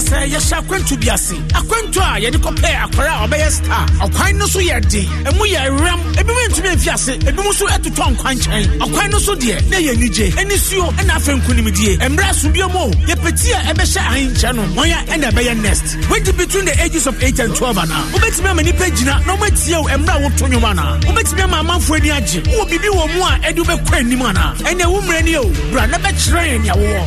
sɛ sɛ yɛhyɛ akwantu bi ase akwantu a yɛde kɔpɛ akwara a ɔbɛyɛ star ɔkwan no so yɛ de ɛmu yɛ rɛm ebi ntumi mfi ase ebi nso ɛtotɔ nkwankyɛn ɔkwan no so deɛ na yɛ anigye ɛni suo ɛna afɛ nkunimdie mmerɛ asubio o yɛpɛti a ɛbɛhyɛ ahenkyɛ no wɔn ɛna ɛbɛyɛ next wadi between the ages of eight and twelve ana wobɛtumi ama nipa gyina na wɔmatie o mmerɛ a woto nwom ana wobɛtumi ama amanfoɔ ani agye wowɔ biribi wɔ mu a ɛde wobɛkɔ anim ana ɛnɛ wo mmerɛ ni o bra na bɛkyerɛ yɛn nea wowɔ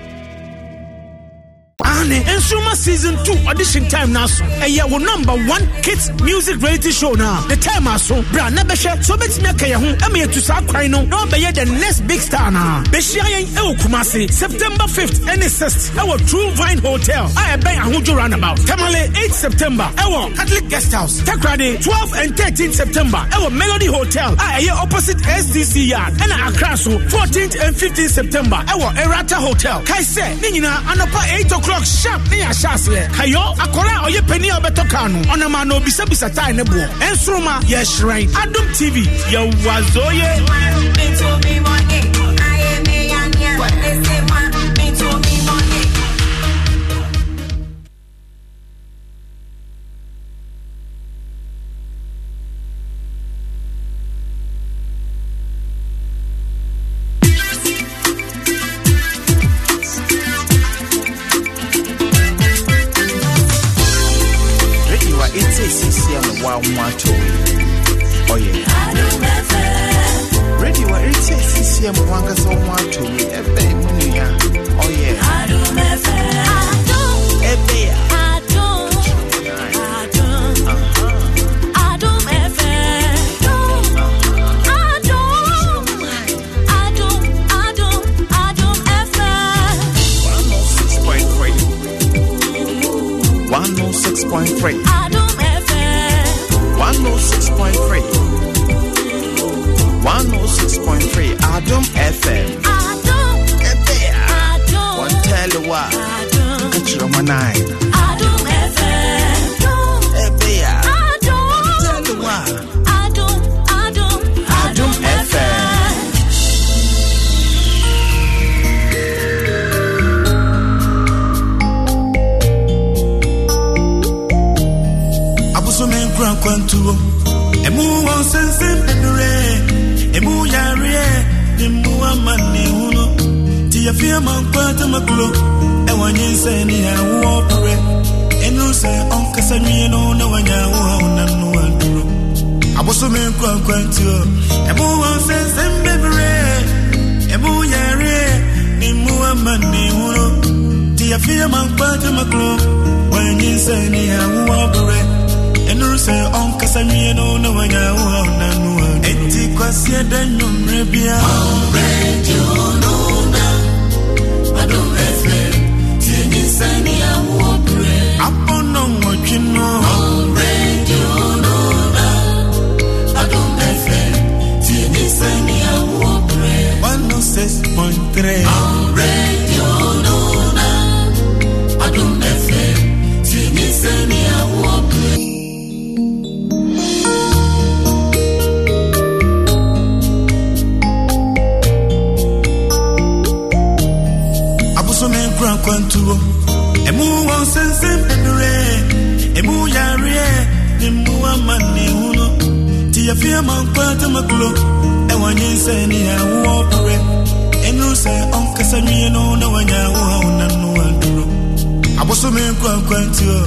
Ane Ensuma Season 2 Audition Time Naso. Eye wo number one kids music reality show na. The time aso. Bra na behwe so betimi akaye ho. Ema to saa kwan no. be obeye the next big star na. Behyia yen e wo Kumasi September 5th and 6th. Ewo True Vine Hotel. I ben ahojo roundabout. Tamale 8th September. Ewo Catholic Guest House. Takrade 12th and 13th September. Ewo Melody Hotel. I opposite SDC Yard. And Accra so 14th and 15th September. Ewo Erata Hotel. Kaise. Ni nyina anapa 8 o'clock stock sharp ne yɛahyɛ aseɛ kayɔ akɔre a ɔyɛ pani a ɔbɛtɔ kaa no ɔnam na obisabisa tae ne boɔ ɛnsoroma yɛhyerɛn adom tv yɛwazoye Ebu won se sembe bre Ebu yare Ni muwa mani wuro Ti ya fiya man kwa te maklo Wanyi se ni uwa bre Enuru se on kasa na wanya uwa unanuwa Eti kwa siya danyo mrebia Ombre jihono na Adore fe Tienyi se ni ya uwa 93.3 Radio Luna Adum FM Sinisani Awobu kura kwantuo emu wɔn sɛnsɛn bebree emu yareɛ ne mu ama ne ho no te yɛfie ma nkwa tamakulo ɛwɔ nyinsɛn ne awoɔ pere sɛ nwiɛ no na wanya wo a wona no aduro abosome nkwankwantio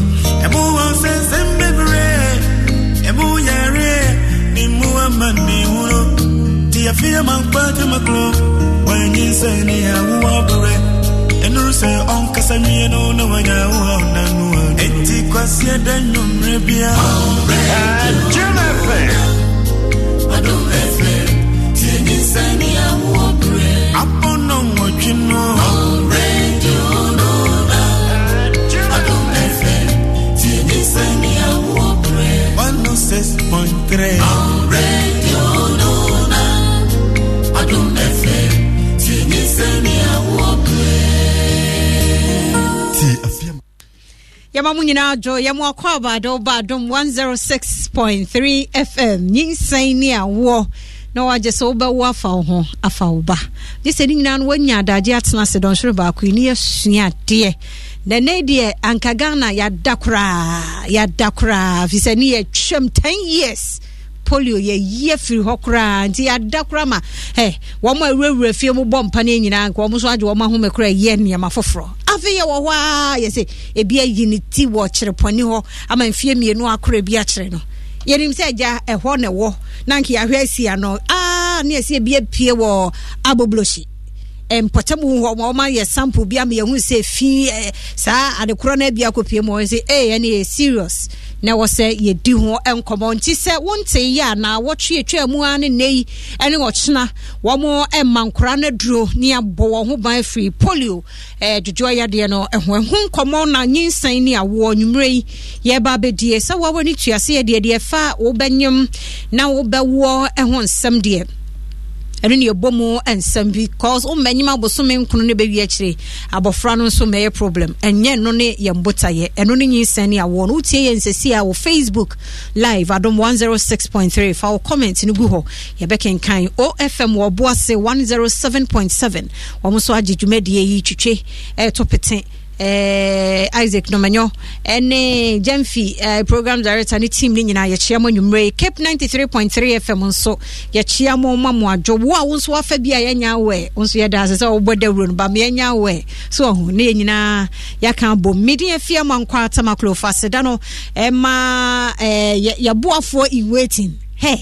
ɛmo wɔ sɛnsɛm bebree ɛmo yareɛ ne mu ama ne wuro nti yɛfeɛ ma nkwadwamakuro wanyin sɛ ne yɛawo aberɛ ɛnuru sɛ ɔnkasa nwiɛ na wanya wo a wona aduro ɛnti kwaseɛ da nnwommerɛ biara Jim FM Adum FM Tieni sani awo bre Upon 96.3 Radio Nuna yɛma mo nyinaa dwo yɛmo akɔ abaade woba 106.3 fm nyinsɛn ne awoɔ na wagye sɛ wobɛwo afa wo ho afa wo ba gye sɛ ne nyinaa no woanya adagye atena ase dɔnhwere baako yi ne yɛsua adeɛ nane deɛ anka ghana yɛada koraa yɛada koraa firi sɛ ne yɛtwam 10 years polio yɛyɛ firi hɔ koraa nti yɛada koraa ma ɛ wɔn a awurawura fie mu bɔ mpa no nyinaa nka wɔn nso agye wɔn ahome koraa yɛ nneɛma foforɔ afei yɛwɔ hɔ a yɛ sɛ ebi ayi ne ti wɔ kyerɛpɔne hɔ ama mfie mmienu akora bi akyerɛ no yɛnim sɛ agya ɛhɔ na ɛwɔ na nka yɛahwɛ asi ano aa ne yɛsɛ ebi apue wɔ aboblosi mpɔtam hɔ ma ɔma yɛ sample bi ama yɛhu sɛ fi saa adekorɔ no abia kɔpie mu ɔyɛ sɛ ɛyɛ ɛne yɛ na yɛdi ho nkɔmmɔ nti sɛ wonte yɛ anaa wɔtwe mu a ne nne yi ne ɔkyena wɔn mma nkora no duro ne abɔ wɔn ho ban firi polio dwodwo yadeɛ no na nyinsɛn ne awoɔ nwummerɛ yi yɛba na wobɛwoɔ ɛno ne ɛbɔ mu nsɛm bi cause woma anyim abosome nkono no bɛwi akyire abɔfra no nso mɛyɛ problem ɛnyɛ no ne yɛn botaeɛ ɛno no nyinsɛn ne awoɔ no wotie yɛ nsɛsi a wɔ facebook live adom 106.3 fa wo comment no gu hɔ yɛbɛkenkan ofm wɔboase 107.7 wɔm nso agye dwumadie yi twitwe ɛɛto pete eh, isaac nomanyo ɛne eh, jamfi eh, program director ne team ne nyinaa yɛkyea mu anwummerɛ yi cape 93.3 fm nso yɛkyea mu eh, ma mo adwo wo a wo nso wafa bi a yɛanya awɛ wo nso yɛda ase sɛ wobɔ dawuro no ba ma yɛanya so ɔho ne yɛ nyinaa yɛaka bom medin afia ma nkɔ atam akloofa seda no ɛma eh, eh, yɛboafoɔ iwaiting he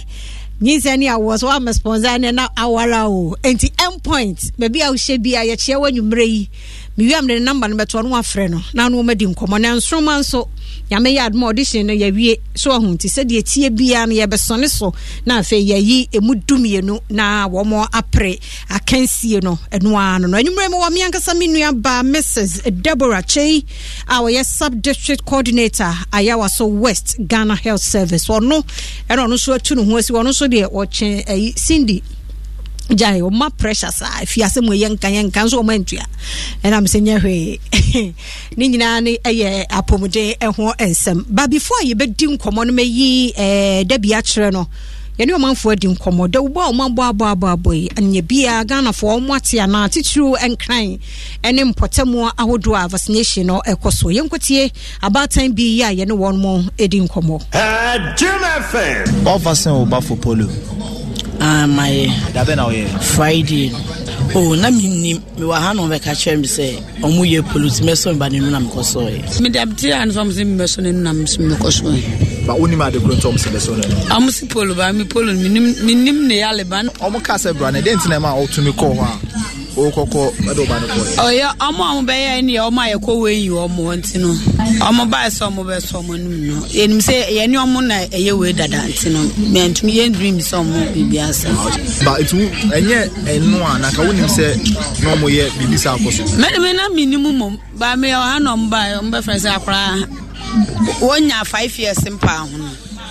nyinsa ni awoɔ so wama sponsor ne na awara o enti endpoint baabi a wohyɛ bi a yɛkyeɛ wɔ anwummerɛ yi mewia mede ne number no bɛtoɔ no wafrɛ no na no wɔmadi nkɔmmɔ na nsoroma nso nyame yɛ adoma audition no yɛwie so ahu nti sɛdeɛ tie biara no yɛbɛsɔne so na afei yɛyi ɛmu dumienu na wɔmɔ apere akansie no ɛno ara no no anwummerɛ mu wɔ me ankasa me nua baa mrs deborah chei a wɔyɛ sub district coordinator ayawa so west ghana health service ɔno ɛna ɔno nso atu ne ho asi ɔno nso deɛ ɔkyɛn ayi cindy gyae ɔma pressure saa afiase mu yɛ nka yɛ nka nso ɔma ntua ɛnam sɛ nyɛ hwee ne nyinaa ne eh, ɛyɛ apɔmuden ɛho eh, nsɛm ba before a yɛbɛdi nkɔmmɔ no mayi ɛɛ eh, dabi akyerɛ no yɛne ɔmanfoɔ adi nkɔmmɔ da wobɔ a ɔma aboaboaboabɔ yi anyɛ bia ghanafoɔ ɔmo ate anaa titiriw nkran ne mpɔtamu ahodoɔ a vaccination no ɛkɔ so yɛnkɔtie abaatan bi yi a yɛne wɔn mo di nkɔmmɔ. adum polo amayɛ ah, dabɛ na ɔyɛ friday o oh, na memnim mewɔ ha na ɔbɛka kyerɛ me sɛ ɔmo yɛ polit mɛsɔ meba ne nu na mekɔ sɔɔɛ medabte a ne sɛ ɔm sɛ memɛsɔ ne nu na mekɔ sɔɛ ba wonim ade kuro ntɔ ɔm sɛ bɛsɔ no ɔmo se polo ba me polo menim ne yɛ aleba ɔmo ka sɛ bra ne dɛn nti ma ɔtumi kɔɔ hɔ a wokɔkɔ ɛde ɔba no kɔɛ ɔyɛ ɔmo a mobɛyɛ ne yɛ ɔmo a yɛkɔ wei yi ɔmo nti no ɔmo bae sɛ ɔmo bɛsɔ ɔmo no yɛnim sɛ na ɛyɛ dada nti no mantumi yɛndrim sɛ ɔmo biribi asɛ ba ɛnyɛ a sɛ na ɔmo yɛ sɛ akɔ so na ɔha na ɔmo ɔmo sɛ five years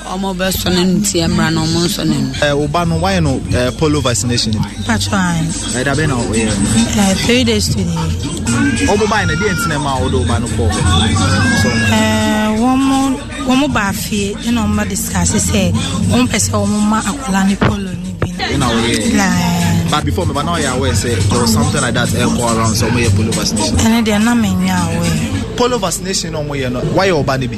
ɔmo bɛ sɔ ne nu tiɛ mura na ɔmo nsɔ ne nu. ɛ o ba no wáyé no ɛ vaccination. patro ayi. ɛ dabe na o yɛ. ɛ three days to the year. ɔmo ba yi na diɛ ntina ma o o ba no kɔ. ɛɛ wɔn mo wɔn mo ba fie ɛna wɔn ba discuss sɛ wɔn pɛ sɛ wɔn ma akwadaa ne polo ni bi. ɛna o yɛ. but before me but now you're aware say there something like that air call around so mo yɛ polo vaccination. ɛni deɛ na mi n yà awɛ. polo vaccination na mo yɛ no wáyé ɔba ni bi.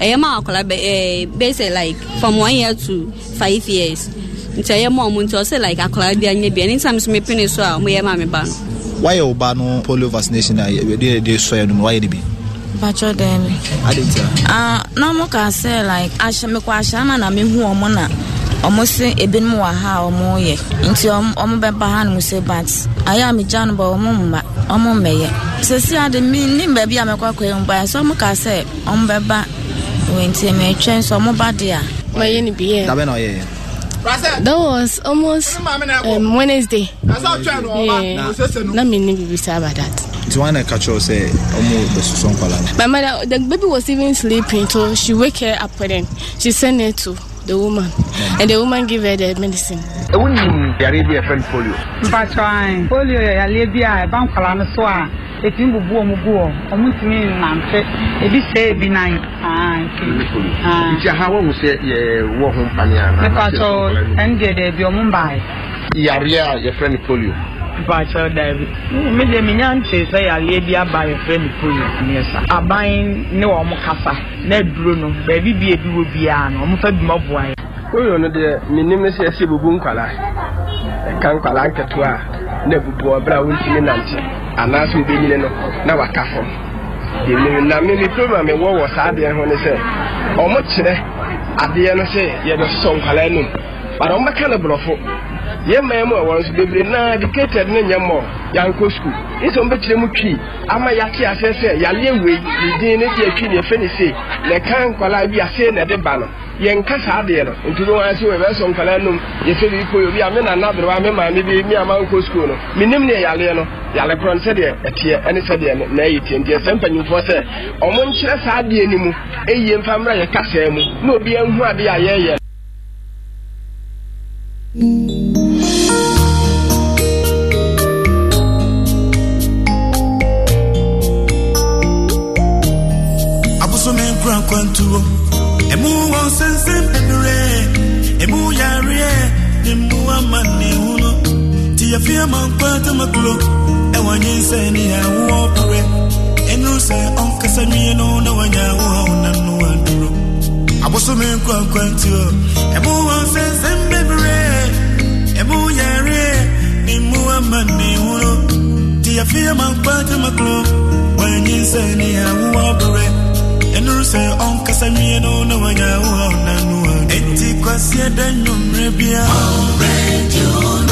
ɛyɛ ma akwadaa bɛsɛ like from one year to five years nti ɛyɛ ma ɔmo nti ɔsɛ like akwadaa bi anya bi anytime so mepe ne so a ɔmo yɛ ma ba no. wayɛ ba no polio vaccination a yɛde yɛde sɔ yɛ no mu ne bi. bàtjọ a. na sɛ like ahyɛ ahyɛ ama na mi hu ɔmo na ɔmo si ebinom ha ɔmo yɛ nti ɔmo ha bat no bɔ ɔmo mma ɔmo mi a nti mɛtwɛn nso ɔmo ba de a. mɛyɛ ne bi yɛ. dabɛ na ɔyɛ yɛ. That was almost um, Wednesday. Yeah. Na mi ni bibi sa about that. Nti wọn na kakyɛw sɛ ɔmo bɛsoso nkwalaa. My mother the baby was even sleeping so she wake her up then she send her to the woman and the woman give her the medicine. Ewu ni yare bi yɛ fɛn polio. Mpatwa polio yɛ yare bi a ɛba nkwalaa no so a efi mbubu wɔn gu hɔ wɔn ntumi nnante ebi sɛ ebi nan aa ah, nti. Ah. nti aha wɔn sɛ yɛ wɔ ho mpani ana. nipaatɔ ɛnjɛ dɛbi wɔn mbaa. yareɛ a yɛfrɛ no polio. nipaatɔ dɛbi mi de mi nya nkyɛn sɛ yareɛ bi aba yɛfrɛ no polio ne sa. aban ne wɔn kasa na duro no beebi bi ebi wɔ biara no wɔn fɛ duma bua yɛ. onye no dị menim si esi ɛsɛ bubu nkwaraa ɛka a na bubu ɔbrɛ a ntị nante anaasɛ wobɛnyini na waka fam na saa na educated ne nyɛ mmɔ yankɔ sukuu nso mu twi ama yate aseɛ sɛ yaleɛ wei ne din ne ne ne se na ka nkwala bi na ba no yɛn kasa adeɛ no nti bi wɔn ase wɔ ɛbɛsɔ nkwadaa nom yɛsɛ bi po obi a mi na nabere a mi maame bi mi a ma nkɔ sukuu no mi nim ne yaleɛ no yale korɔ no sɛdeɛ ɛteɛ e ɛne sɛdeɛ na ɛyɛ tiɛ ntiɛ sɛ mpanyinfoɔ sɛ ɔmo nkyerɛ saa adeɛ ne mu ɛyie e nfa mmerɛ yɛ kasa mu na obi ehu adeɛ a yɛyɛ. ya man kwata maklo e wanye nse ni ya wo pure e enu se on kasa nwi no na wanya wo na no aduro aboso me kwa kwanti o e bu won se se mbebre e bu ya re ni mu amani wo ti ya fia man kwata maklo wanye nse ni ya wo pure e enu se on kasa nwi no na wanya wo na no aduro enti kwasi da nyumre bia on radio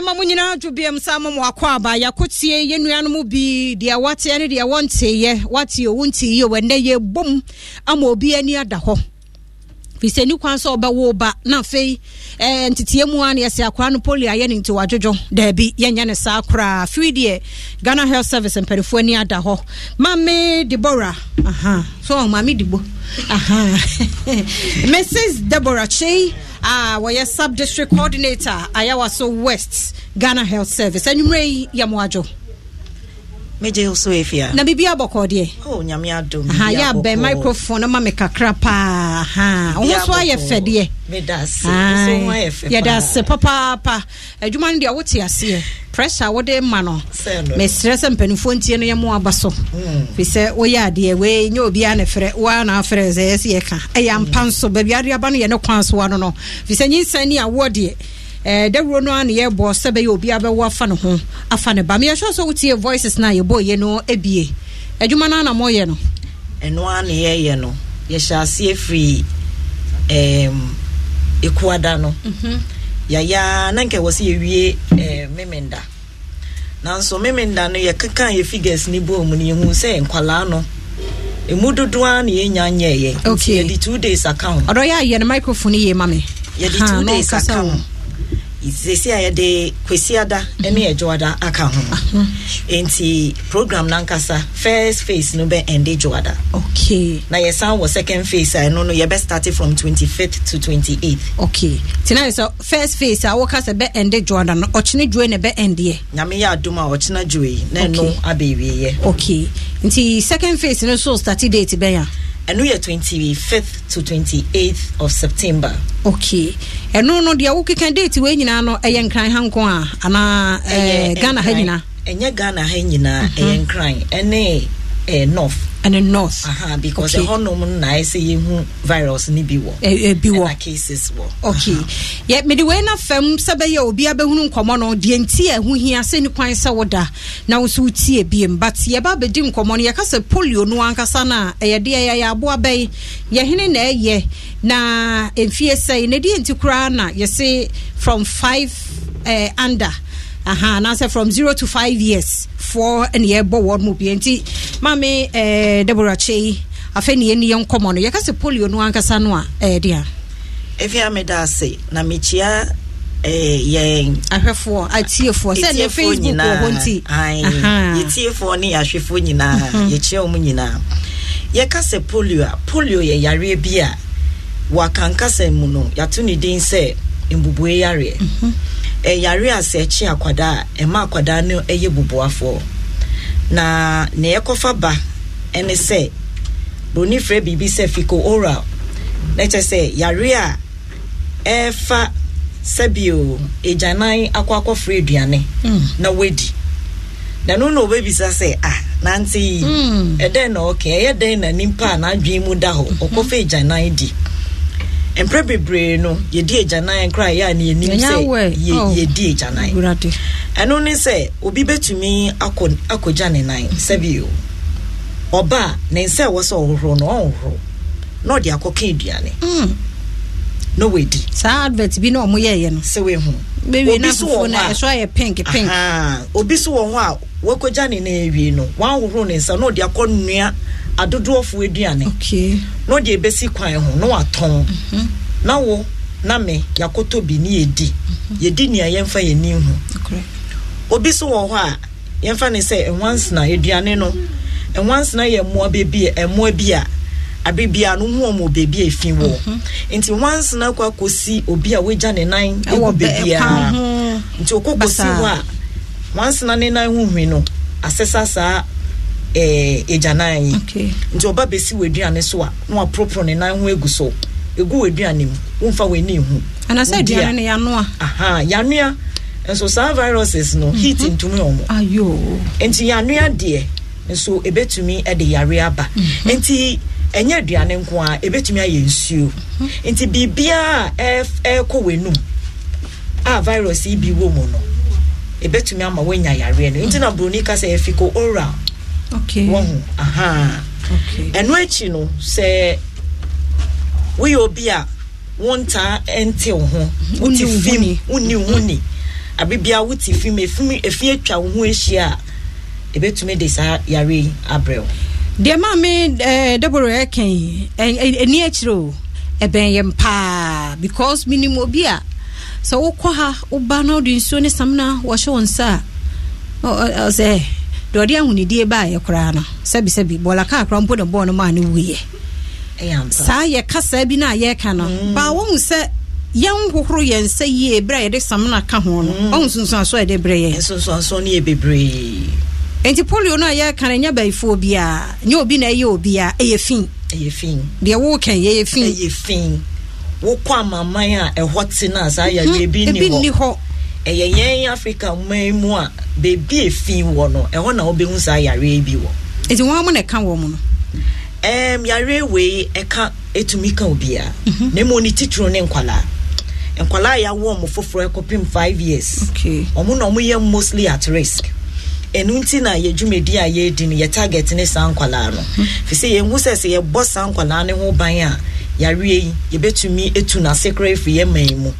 ɛma mo nyinaa adwo biam sa ma mo akɔ aba yɛakotie yɛ nnuanom bi deɛ wateɛ ne deɛ wɔnteeɛ wateɛ wo ntiiyɛ wɛnnɛ yɛbom ama obi ani ada hɔ fisa ni kwan sɛ ɔbɛwo ba na afei ɛɛ eh, ntetea mu a na yɛsɛ akora no poli ayɛ ne nti wadwodwo daabi yɛnyɛ ne saa koraa firi deɛ ghana health service mpanimfoɔ ani ada hɔ maame debora aha so ɔn maame debo aha mrs deborah chey a wɔyɛ sub district coordinator ayawaso west ghana health service anwummerɛ yi yɛ mo adwo. meje wo so ɛfia na biribia bɔkɔ deɛ oh, nyame adom ha ya be microphone ma me kakra paa ha wo ho so ayɛ fɛ deɛ yɛda ase papaapa adwuma no deɛ wote aseɛ pressure a wode ma no mesrɛ sɛ mpanimfoɔ ntie no yɛmo aba so firi sɛ woyɛ adeɛ wei nyɛ obiaa ne frɛ woa na afrɛ sɛ ɛsɛ yɛka ɛyɛ ampa nso baabiadeɛ aba no yɛ ne kwan soa no no firi sɛ nyinsɛn ni awoɔ deɛ Eh, dawuro no ana yɛbɔ sɛ bɛyɛ obi abɛwo afa ne ho afa ne ba meyɛhwɛ sɛ wotie voices no a yɛbɔɔyɛ no abie adwuma no ana mɔyɛ no ɛno a na yɛyɛ no yɛhyɛ aseɛ firi um, ɛkuada no mm-hmm. yaya na nkɛ wɔ sɛ yɛwie eh, miminda nanso miminda no yɛkeka yɛ figures ne bɔɔ mu no yɛhu sɛ nkwalaa no ɛmu dodoɔ a na yɛnya nyɛɛyɛ okay. yɛde two days account ɔdɔ yɛ ayɛ no microphone yie ma me yɛde two days account sesi a yɛde kwesiada ne mhm. ɛdwoada aka ho mhm. nti program nankasa first phase no bɛ ɛnde dwoada okay. na yɛsan wɔ second phase a ɛno no yɛbɛ start from 25th to 28th okay. Tena na sɛ first phase a woka sɛ bɛ ɛnde dwoada no ɔkyene dwoe na bɛ ɛndeɛ nyame yɛ adom a ɔkyena dwoe na ɛno okay. abɛwieɛ okay. nti second phase no so start date bɛn a ɛno yɛ 25th to 28th of september okay ɛno no deɛ wokeka date wei nyinaa no ɛyɛ nkran ha nko a anaa eh, ghana ha nyinaa ɛnyɛ ghana ha nyinaa mhm. ɛyɛ nkran ɛne eh, north and the north Uh-huh, because ɛhɔnom okay. na ɛsɛ yɛhu virus ni be ne Eh, wɔ ɛbi wɔ ɛna cases wɔ okay Uh-huh. Yeah, me mede wei na fem sɛ bɛyɛ obi abe hunu nkomo no deɛ nti a ɛho hia se ni kwan sɛ woda na wo so e biem but ye ba be di nkomo no ye ka se polio no anka ankasa no a ye deɛ yɛyɛ aboa bɛyi yɛhene na ɛyɛ na mfie sɛi na deɛ nti kura na ye se from 5 eh under aha anaasɛ from zero to five years foɔ ɛne yɛbɔ wɔn mu bie nti maame ɛɛ eh, deborah kyei afei ne yɛn ni yɛn nkɔmɔ no yɛka sɛ polio no ankasa no a ɛɛ eh, deɛ. efi ameda ase na mekyia eh, yɛn ahwɛfoɔ atiefoɔ sɛ ne facebook wɔ hɔ nti yɛtiefoɔ ne yɛahwɛfoɔ nyinaa mhm. yɛkyia wɔn nyinaa yɛka sɛ polio a polio yɛ yareɛ bi a wakankasa mu no yɛato ne din sɛ mbubue yareɛ mm -hmm. ɛyare eh, a sɛ ɛkye akwadaa ɛma akwadaa no ɛyɛ bubuafoɔ na na ɛkɔfa ba ɛne sɛ broni frɛ biribi sɛ fico oral na kyɛ sɛ yare a ɛfa sɛbio agyanan akɔ akɔfrɛ aduane hmm. na wadi na no na ɔbɛbisa sɛ a ah, nante yi hmm. ɛdɛn na ɔka ɛyɛ dɛn na nipa a n'adwene mu da hɔ hmm. ɔkɔfa agyanan di mprɛ bebree no yɛdi agyanan koraa yɛ a ne yɛnim sɛ oh. yɛdi agyanan ɛno ne sɛ obi bɛtumi akɔgya ne nan sɛbio ɔba ne nsa ɛwɔ sɛ ɔhohoro no na ɔde akɔka aduane hmm. na wɔadi saa advert bi na ɔmo yɛɛyɛ no sɛ wɔahu obi so wɔ hɔ a obi so wɔ a wakɔgya ne na awie no wanhohoro ne nsa na ɔde akɔ nnua adodoɔfoɔ aduane na ɔde ɛbɛsi kwan ho na watɔn mhm. na wo na me yɛakɔtɔ bi ne yɛdi mhm. yɛdi nea yɛmfa yɛni ho obi so wɔ hɔ a yɛmfa ne sɛ ɛnwansena aduane no ɛnwansena yɛ mmoa beebi ɛmmoa bi a abebiara no hu ɔmo beebi a efi wɔ mhm. nti nwansena kɔ akɔsi obi a wagya ne nan egu beebiara nti okɔ kɔsi hɔ a. wansi na ne nan ho hwi no asesa saa agyanan eh, yi nti ɔba bɛsi w'aduane so a na waporoporo ne nan ho egu so egu w'aduane mu womfa w'ani hu anasɛ aduane no yanoa aha yanoa nso saa viruses no mhm. heat ntumi wɔn ayo nti yanoa deɛ nso ebetumi ɛde yare aba mhm. nti ɛnyɛ aduane nko a ebetumi ayɛ nsuo mhm. nti biribiara ɛɛkɔ w'anum a virus yi bi wɔ mu no. ebetumi ama wenya yareɛ no nti na buroni kasa efiko ko oral okay wɔn ho aha okay ɛno akyi no sɛ woyɛ obi a wontaa ɛnte wo ho mhm. wote fim wonni wo ho ni abibia wote fim efim efi atwa wo ho ahyia ebetumi de saa yare abrɛ wo. deɛ maa ɛɛ eh, dɔbɔrɔ ɛkɛn ɛni akyire o ɛbɛn yɛn paa because minimu obi a sɛ wokɔ ha woba na wode nsuo ne samina wɔhyɛ wo nsa a sɛ deɛ ɔde ahonidie baayɛ koraa no sɛbisɛbi bɔla kaa kora mpo ne bɔɔ no maa ne wuyɛ saa yɛka saa bi no a yɛreka no baa wɔhu sɛ yɛnhohoro yɛn nsa yie berɛ a yɛde samina ka ho no mm. ɔhu sunsuaso a yɛde berɛ yɛn nti polio no a yɛreka no ɛnyɛ baayifoɔ biaa nyɛ obi na ɛyɛ obiaa ɛyɛ fi deɛ woka yɛyɛ fi wokɔ amaman a ɛhɔ te no a saa yareɛ mhm, bi nni hɔ ɛyɛ yɛn africa man mu a beebi efi wɔ no ɛhɔ na wobɛhu saa yareɛ bi wɔ nti wɔn mu na ɛka wɔn mu no ɛɛm yareɛ wei ɛka etumi ka obiara mhm. na emu ne titiri ne nkwalaa nkwalaa yɛ awo ɔmo foforɔ ɛkɔpem five years ɔmo na ɔmo yɛ mostly at risk. ɛnu nti na yɛ dwumadi a yɛredi no yɛ target ne saa nkwalaa no fisɛ yɛn ho sɛ sɛ yɛbɔ saa nkwalaa ne ho ban a yareɛ yi yɛbɛtumi etu n'ase kora efiri yɛ man mu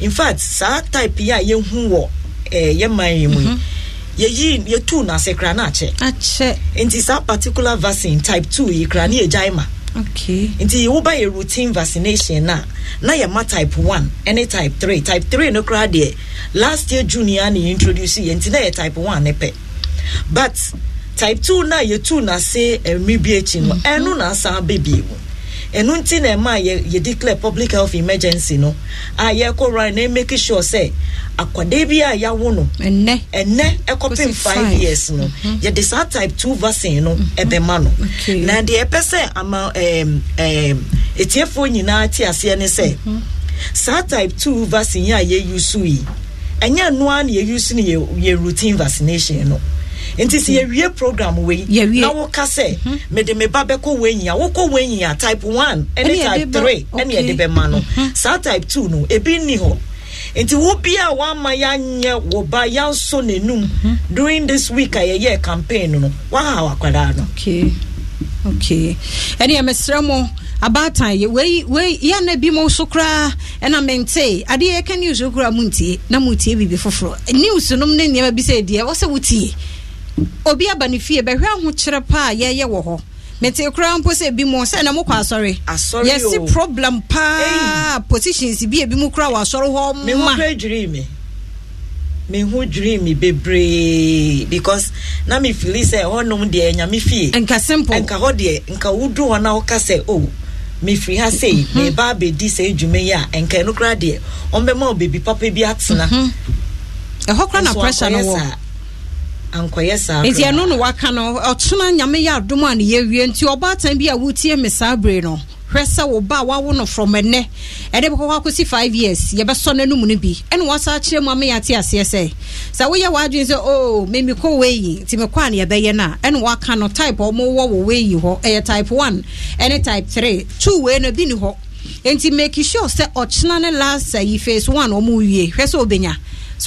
in fact saa type yi a yɛhu wɔ ɛɛ eh, yɛ man yi mu yi mm-hmm. yɛyi yɛtu n'ase kora n'akyɛ akyɛ nti saa particular vaccine type two yi kora ne yɛ gyae ma okay nti woba yɛ routine vaccination na na yɛ ma type one ɛne type three type three no kora deɛ last year june yɛ a na yɛ introduce yɛ nti na yɛ type one ne pɛ. but type two na na n'ase mmiri bi akyi no ɛno na asan abɛbie mu ɛno nti na ɛma yɛ yɛ declare public health emergency no a yɛkɔ run na make sure sɛ akwadaa bi a yawo no ɛnɛ ɛnɛ ɛkɔpem five years no yɛde saa type two vaccine no ɛbɛma no na deɛ ɛpɛ sɛ ama ɛɛm ɛɛm etiefoɔ nyinaa te aseɛ ne sɛ saa type two vaccine a yɛ use yi ɛnyɛ noa na yɛ use no yɛ routine vaccination no. nti sɛ yɛwie program wei na woka sɛ mhm. mede me ba bɛkɔ wei wokɔ wei type 1 ɛne type 3 ɛne yɛde bɛma no mhm. saa type 2 no ebi nni hɔ nti wo bia wama yanyɛ wo ba yansɔ n'anum mhm. during this week a yɛyɛ campaign no waha wakwadaa no okay okay ɛne yɛmɛsrɛ mo abaatan yɛ wei wei yɛn na bi mo so koraa ɛna mente adeɛ yɛka news koraa mu na mu tie biribi foforɔ news nom ne nneɛma bi sɛ deɛ wɔ sɛ wotie obi aba ne fie bɛhwɛ ahokyerɛ paa yɛyɛ wɔ hɔ mete koraa mpo sɛ bi mu sɛ na mokɔ asɔre yɛse problem paa positions bi ebi mu koraa wɔ asɔre hɔ ma mehu dwiri mi bebree because na me fili sɛ hɔnom deɛ nyame fie nka simple nka hɔ deɛ nka wodu hɔ na woka sɛ o oh, mefiri ha sei mhm. meba abɛdi saa adwuma yi a nka ɛno koraa deɛ ɔmbɛma wo papa bi atena mhm. ɛhɔ koraa na pressure no wɔ ankɔyɛ saa nti ɛno no waka no ɔkyena nyame yɛ adom a ne yɛwie nti ɔbaatan bi a wotie me saa bere no hwɛ sɛ wo ba a wawo no from ɛnɛ ɛde bɛkɔkɔ akɔsi five years yɛbɛsɔ no anom no bi ɛne wasa akyerɛ mu ameyɛ ate aseɛ sɛ sɛ woyɛ w'adwene sɛ o oh, memekɔ weyi nti mekɔ a ne yɛbɛyɛ no a ɛne waka no type ɔmowɔ wɔ weyi hɔ ɛyɛ type one ɛne type three two wei no bi ne hɔ nti make sure sɛ ɔkyena ne last ayi eh, phase one ɔmo wie hwɛ sɛ obɛnya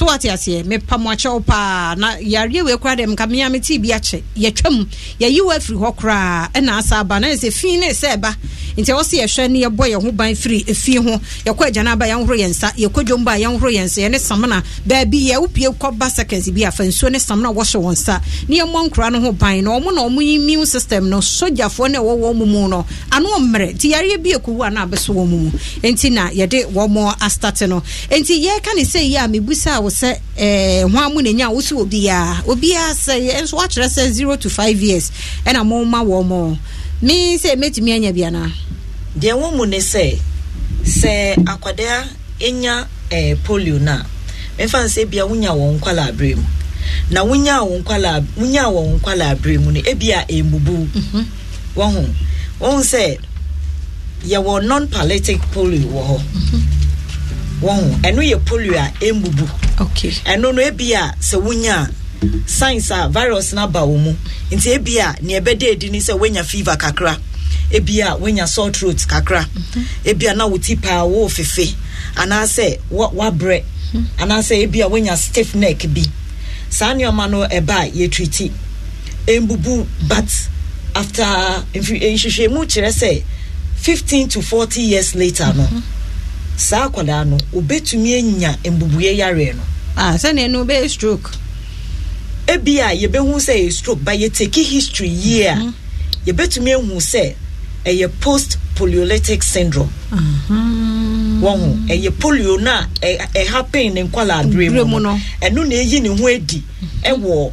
so wate aseɛ mepa mo akyɛ wo paa na yareɛ wei koraa dɛ mka mea metee bi akyɛ yɛtwa mu yɛyi wo afiri hɔ koraa ɛna asa aba na ɛsɛ fii ne sɛ ɛba nti ɛwɔ sɛ yɛhwɛ ne yɛbɔ yɛn ho ban firi efie ho yɛkɔ agyana aba yɛnhoro yɛn nsa yɛkɔ dwom ba yɛnhoro yɛn nsa yɛne samina baabi yɛ wopie kɔba seconds bi afa nsuo ne samina wɔhyɛ wɔn nsa ne yɛmmɔ nkora no ho ban na ɔmo na ɔmo immune system no sogyafoɔ ne ɛwɔ wɔn mu mu no ano mmerɛ nti yareɛ bi ekuwu a na abɛso wɔn mu mu nti na yɛde wɔn astate no nti yɛka ne sɛ yie a mebusa a sɛ ɛɛ eh, ho amu n'enyi a wosi obiara obiara sɛ nso wakyerɛ sɛ zero to five years ɛna mo ma wɔn mo mi sɛ metumi anya bi ana. deɛ wɔn mu ne sɛ sɛ akwadaa enya ɛɛ eh, polio na mmefa nsa ebia wonya wɔn nkwalaa abere mu na wonya wɔn nkwalaa wonya wɔn nkwalaa abere mu no ebia emubu wɔn ho mhm. wɔn sɛ yɛwɔ non-paralytic polio wɔ hɔ. Mhm. wɔn ɛno yɛ polio a ɛmbubu ɛno no ebi a sɛ wonya science a virus no aba mu nti ebi a nea ɛbɛda edi ni sɛ wonya fever kakra ebi a wonya sore throat kakra ebi a na wo ti paa wo fefe anaasɛ wabrɛ anaasɛ ebi a wonya stiff neck bi saa nneɛma no ɛba e a yɛtwiti e ɛmbubu but after nhwehwɛmu kyerɛ sɛ fifteen to forty years later no. Mm -hmm. saa akwadaa no obetumi anya mbubue yareɛ no. ah sani enu bɛ stroke. ebi a yɛbɛhu sɛ ɛyɛ stroke ba yɛteki history yie a mhm. yɛbɛtumi ehu sɛ ɛyɛ post poliolytic syndrome. Mhm. wɔn ho ɛyɛ polio na ɛha pain ne nkwalaa abere mu no ɛno na eyi ne ho adi mhm. ɛwɔ.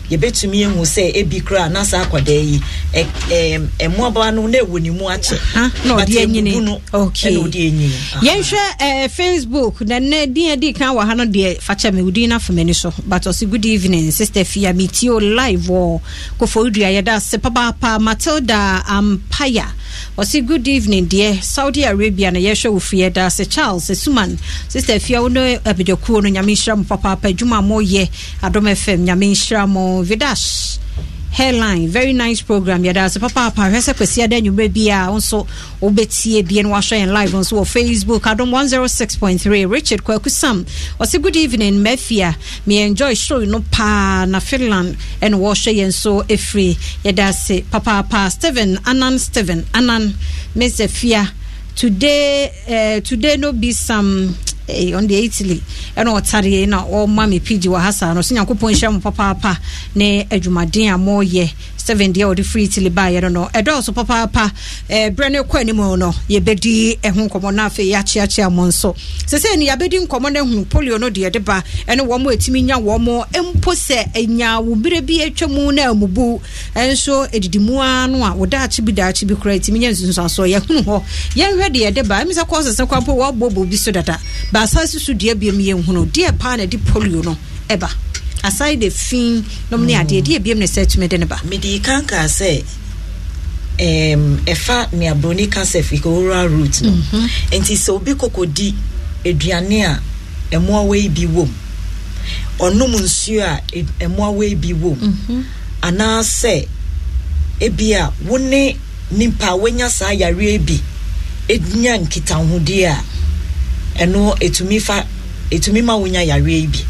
yɛbɛtumi ehu sɛ ebi kura na saa akwadaa yi ɛ ɛ mmoaba no na ewu ne mu akyɛ na ɔde enyini okay ɛna ɔde enyini. Ah. yɛnhwɛ ɛɛ facebook na ne din yɛ di kan wɔ ha no deɛ fakyɛ mi o na fama ni so but ɔsi good evening sister fia mi ti o live wɔ kofodua yɛda ase papaapa matilda ampaya. ɔsi good evening deɛ saudi arabia na yɛhwɛ ofiri yɛda se charles suman sister fia wo ne abidakuo no nyame nhyira mo papaapa adwuma a moyɛ adom fm nyame nhyira no hairline very nice program yɛda ase papaapa hwɛ sɛ kwasi ada nnwummerɛ bi a wo nso wobɛtie bie no wahwɛ yɛn live nso wɔ facebook adom 106.3 richard kwaku sam ɔse good evening mafia enjoy show no paa na finland ɛne wɔhwɛ yɛn so ɛfiri yɛda ase papaapa Stephen anan Stephen anan mr fia today uh, today no be some ɔno deɛ italy ɛna ɔtareɛ na ɔma oh, me pg wɔ ha saa no so nyankopɔn eh, nhyira mo papaapa ne adwumaden a mɔyɛ seven deɛ wɔde free italy baeɛ no no ɛdɔɔso papaapa berɛ no kɔ anim no yɛbɛdi ɛho nkɔmmɔ no afei yɛakyeakyea mo nso sɛ sɛ ni yɛabɛdi nkɔmmɔ no ahu polio no deɛ de ba ɛne wɔ ma ɛtumi nya wɔ mo mpo sɛ ɛnya eh, eh, wo berɛ bi atwa mu na amubu ɛnso ɛdidimu a no a wodaakye bi daakye bi koraa ɛtumi nya nsunsuasoɔ yɛhunu hɔ yɛnhwɛ deɛ ɛde ba ɛmi sɛ kɔɔ sɛ kwa mpo wɔbɔbɔ bi so dada ba baasa susu deɛ biam yɛ nhunu deɛ paa na de polio no ɛba aside de fin nom ne adeɛ mm. deɛ biam ne sɛ tumi de ne ba. mede kan kaa sɛ ɛfa ne aburoni cancer fi rural route no mhm. nti sɛ obi kɔkɔ di aduane a ɛmoawa yi bi wom ɔnom nsuo a ɛmoawa yi bi wom mhm. anaasɛ ebi a wo ne nipa a wanya saa yareɛ bi enya nkitahodeɛ a. ɛno ɛtumi fa ɛtumi ma wonya yareɛ yi bi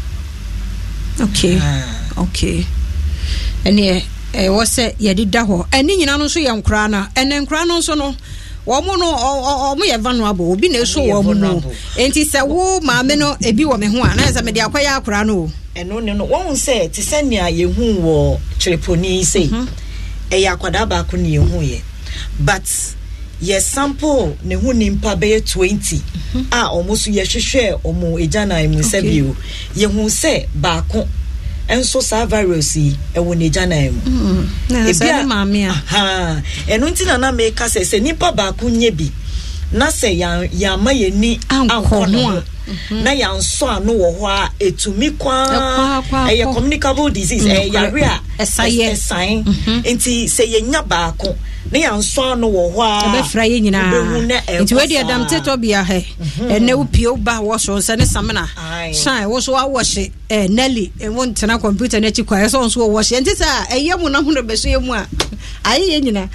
okay ah. okay ɛneɛ ɛwɔ sɛ yɛde da hɔ ɛne nyina no nso yɛ nkoraa na ɛnɛ nkoraa no nso no wɔn no ɔmo yɛ vulnerable obi na esu wɔn n'o nti sɛ wo maame no ebi wɔ me ho a na yɛ sɛ mɛ de akɔyɛ akora no o. ɛno ne no wɔn sɛ te sɛ nea yɛhu wɔ kyerɛponi sɛ mhm. ɛyɛ akwadaa baako ne yɛhu yɛ but. yɛ sample ne ho nipa bɛyɛ twenty mhm. a wɔn nso yɛhwehwɛ wɔn agya na mu nsa bio yɛhu sɛ baako nso saa virus yi ɛwɔ n'agya mm-hmm. na mu ebi a ɛno nti na nam eka sɛ sɛ nipa baako nye bi na sɛ yɛama yɛni ankɔ no ho. na yɛansɔ ano wɔ hɔ a ɛtumi kwaa ɛyɛ communicable disease ɛyɛ mm, yare a ɛsae mm-hmm. nti sɛ yɛnya baako ne yɛansɔ ano wɔ hɔ a ɛbɛfra yɛ nyinaa nti wadi ɛdam tetɔ bia hɛ mm-hmm. ɛnɛ pie woba wɔ so ne samena shine wo so wawɔhye eh, nelly ɛwo ntena computer kwa ɛsɛ wo wɔwɔhye nti sɛ a ɛyɛ mu na bɛso yɛ mu a ayɛ yɛ nyina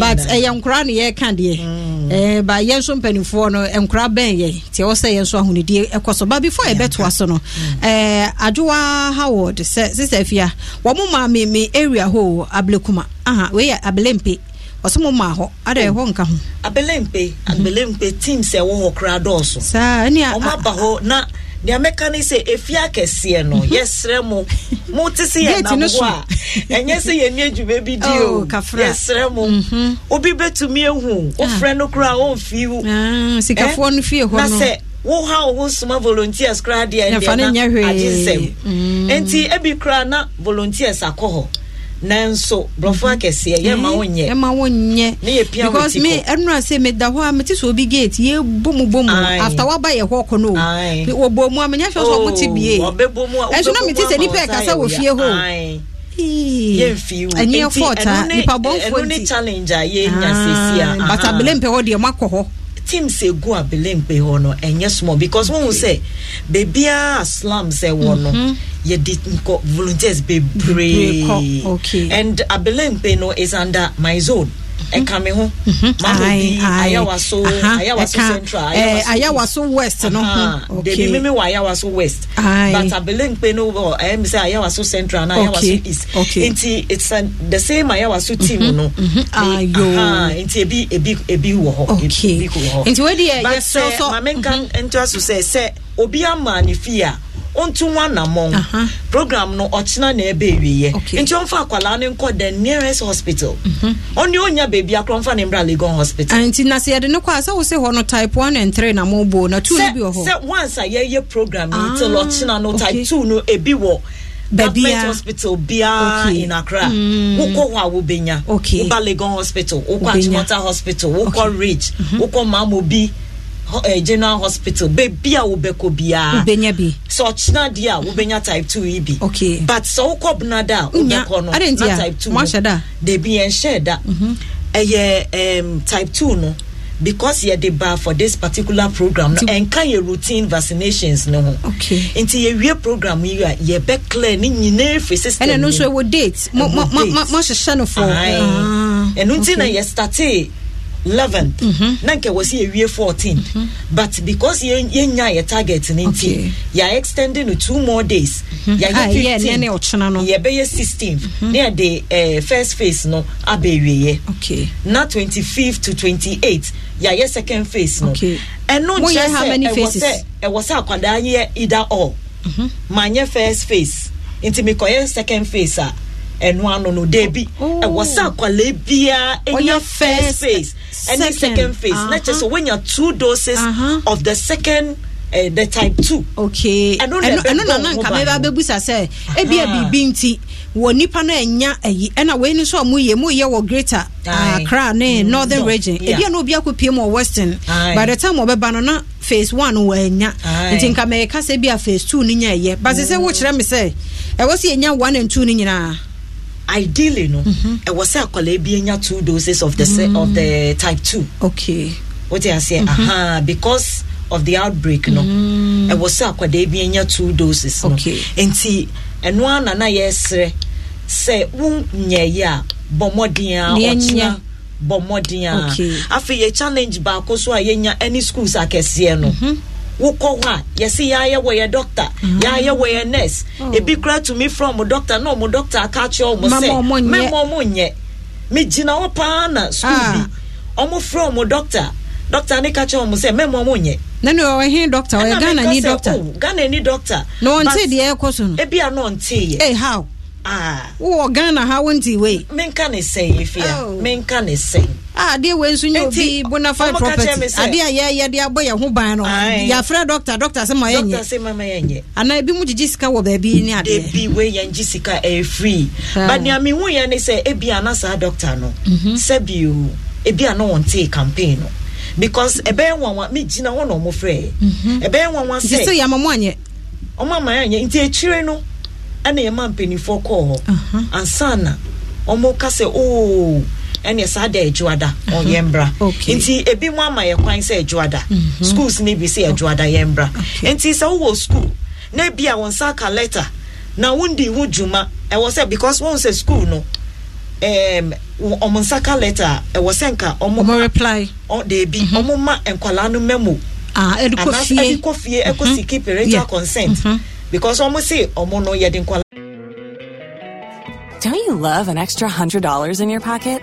but ɛyɛ nkora ne yɛka deɛ mm. ba yɛn nso mpanimfoɔ no nkora bɛn yɛ nti ɛwɔ yɛn nso ahonedi deɛ ɛkɔ so but before yɛbɛtoa so no mm. eh, adwowa howard sɛ sisɛ fia wɔn mu maa mi area hɔ abilekuma aha wei yɛ abilempe ɔsɛ mo maa hɔ ada ɛhɔ oh. nka ho abilempe mhm. abilempe teams ɛwɔ hɔ koraa dɔɔso saa ɛni a wɔn aba hɔ na nea mɛka ne sɛ efi akɛseɛ no mhm. yɛsrɛ mo mo te se yɛn nam hɔ a ɛnyɛ sɛ yɛn ni adwuma bi di o oh, yɛsrɛ mo mhm. obi betumi ehu ofrɛ no koraa a ɔnfi wo ah, sikafoɔ eh? no fie hɔ no na sɛ wo ha wo soma volunteers koraa deɛ deɛ na agye nsɛm mm. nti ebi koraa na volunteers akɔ hɔ nanso borɔfo mhm. akɛseɛ yɛ ma eh, wɔn nyɛ ɛma wɔn nyɛ ne yɛ pia wɔn ti kɔ because me nnura se me da hɔ a me ti sɛ obi gate yɛ bomu bomu after waba yɛ hɔ kɔ no o wɔ bomu a me nyɛ hwɛ sɛ ɔmo ti bie oh, ɛso na me ti sɛ nipa ɛkasa wɔ fie hɔ yɛmfiwu ɛnyɛ fɔɔta nipa ɛnu ne challenge a yɛnya sisi a ah. bata bele hɔ deɛ mo akɔ hɔ teams egu abelempe hɔ no ɛnyɛ small because wɔn sɛ beebiara slums ɛwɔ no mhm. yɛde nkɔ volunteers bebree and abelempe no is under my zone ɛka me ho mahobi ayawaso ayawaso central hmm, ayawaso west no ho okay debi mimi wɔ ayawaso west but abelenkpe no wɔ ɛyɛ mi sɛ ayawaso central na ayawaso east nti it's a, the same ayawaso mhm, team no mhm. eh, nti ebi ebi ebi wɔ hɔ ebi wɔ hɔ nti wadi yɛ yɛ sɛ maame nka mhm. ntoa so sɛ sɛ obi ama ne fi a ɔntu ho anammɔn program no ɔkyena na ɛbɛ ewieɛ nti ɔmfa akwadaa no nkɔ the nearest hospital ɔne mhm. onya beebi akora ɔmfa ne mbra legon hospital. nti na sɛ yɛde ne kɔ a sɛ hɔ no type one and three na mo bo na two no bi wɔ hɔ. sɛ once a yɛyɛ program yi till ɔkyena no type two no ebi wɔ. government hospital biara okay. in accra mm. wokɔ hɔ a wobɛnya woba legon hospital wokɔ akyemɔta hospital wokɔ ridge mhm. wokɔ mamobi. Okay uh, general hospital beebi a wobɛkɔ biara wobɛnya bi sɛ ɔkyena deɛ a wobɛnya type two yi bi okay but sɛ wokɔ bunada a wobɛkɔ no na type two no debi yɛnhyɛ da ɛyɛ mhm. eh, type two no because yɛde ba for this particular program no ɛnka yɛ routine vaccinations no. ho okay nti yɛwie program yi a yɛbɛ clear ne nyinaa firi system ɛnna no nso ɛwɔ eh, date mo mo mo mo hyehyɛ no for ɛno ah, nti na yɛ 11 na nka wɔ sɛ 14 mm-hmm. but because yɛnya yɛ target no nti yɛ extending no two more days mm-hmm. yɛayɛ ah, 15 yɛbɛyɛ 16 mm-hmm. na yɛde eh, first phase no abɛwieɛ na twenty fifth to 28 yɛayɛ second phase no ɛno nkyɛ sɛ ɛwɔ sɛ akwadaa yɛ either or manyɛ first phase nti mekɔyɛ second phase a ɛno ano no deebi ɛwɔ sɛ akwalaa biara ɛnya first phase ɛne second phase na kyerɛ sɛ wonya two doses uh-huh. of the second Uh, the type two. okay ɛno na na nka mɛba abɛbusa sɛ ebi a biribi nti wɔ nipa no ɛnya ɛyi ɛna wɔn ani nso a mo yɛ mo yɛ wɔ greater accra ne northern region ebi a na obi akɔ pie mu wɔ western by the time ɔbɛba no na phase one wɔ ɛnya nti nka mɛyɛ kasa ebi a phase two ne nya ɛyɛ but sɛ wɔkyerɛ mi sɛ ɛwɔ si ɛnya one and two ne nyinaa ideally no ɛwɔ sɛ akwadaa bi anya two doses of the mm. of the mm. type two. okay. wote aseɛ mm-hmm. aha because of the outbreak no ɛwɔ sɛ akwadaa bi anya two doses no okay. nti ɛno ara na yɛsrɛ sɛ wonyɛyi a bɔ mmɔden a ɔkyena bɔ mmɔden a afei yɛ challenge baako so a yɛnya any schools akɛseɛ no. Mm -hmm wokɔ hɔ a yɛsi yɛayɛ wɔ yɛ doctor mm-hmm. yɛayɛ wɔ yɛ nurse oh. ebi kura me from mo doctor na ɔmo doctor aka akyerɛ ɔmo sɛ mɛma ɔmo nyɛ me gyina hɔ paa na school bi ah. ɔmo from mo doctor doctor ne ka kyerɛ ɔmo sɛ mɛma ɔmo nyɛ. nanu ɔwɔ hin doctor ɔyɛ ghana ni doctor oh, ghana ni doctor. na wɔn ti deɛ ɛkɔ so no. ebi a na wɔn yɛ. ee eh, how. Ah. wowɔ ghana ha wɔn ti wei. menka ne sɛn efia oh. menka ne sɛn. Ah, adeɛ wei nso nyɛ obi bonafide property adeɛ a yɛyɛ de abɔ yɛn ho ban no yɛafrɛ doctor doctor sɛ ma yɛnyɛ anaa ebi mu gyegye sika wɔ baabi ne adeɛ ebi wei yɛn gye sika ah. but nea yɛn sɛ ebi ana saa doctor no mhm. sɛ bi o ebi ana wɔn tee campaign no because ɛbɛyɛ nwanwa mi gyina na ɔmo frɛ mhm. ɛbɛyɛ nwanwa sɛ anyɛ nti ekyire no ɛna mpanyinfoɔ kɔɔ hɔ ansana ɛne saa da adwuada ɔyɛ mm-hmm. mbra nti ebi mu ama yɛ kwan sɛ adwuada mm-hmm. schools ne bi sɛ adwuada oh. yɛ mbra nti sɛ wowɔ school na ebi a wɔn nsa ka letter na wondi ho dwuma ɛwɔ sɛ because wɔn sɛ school no ɛɛm wɔn nsa ka letter ɛwɔ sɛ nka wɔn reply ɔdeebi wɔn mm-hmm. ma nkwadaa no memo ah ɛdi kɔ fie ɛdi kɔ fie parental consent because wɔn si wɔn no yɛde nkwadaa. Don't you love an extra hundred dollars in your pocket?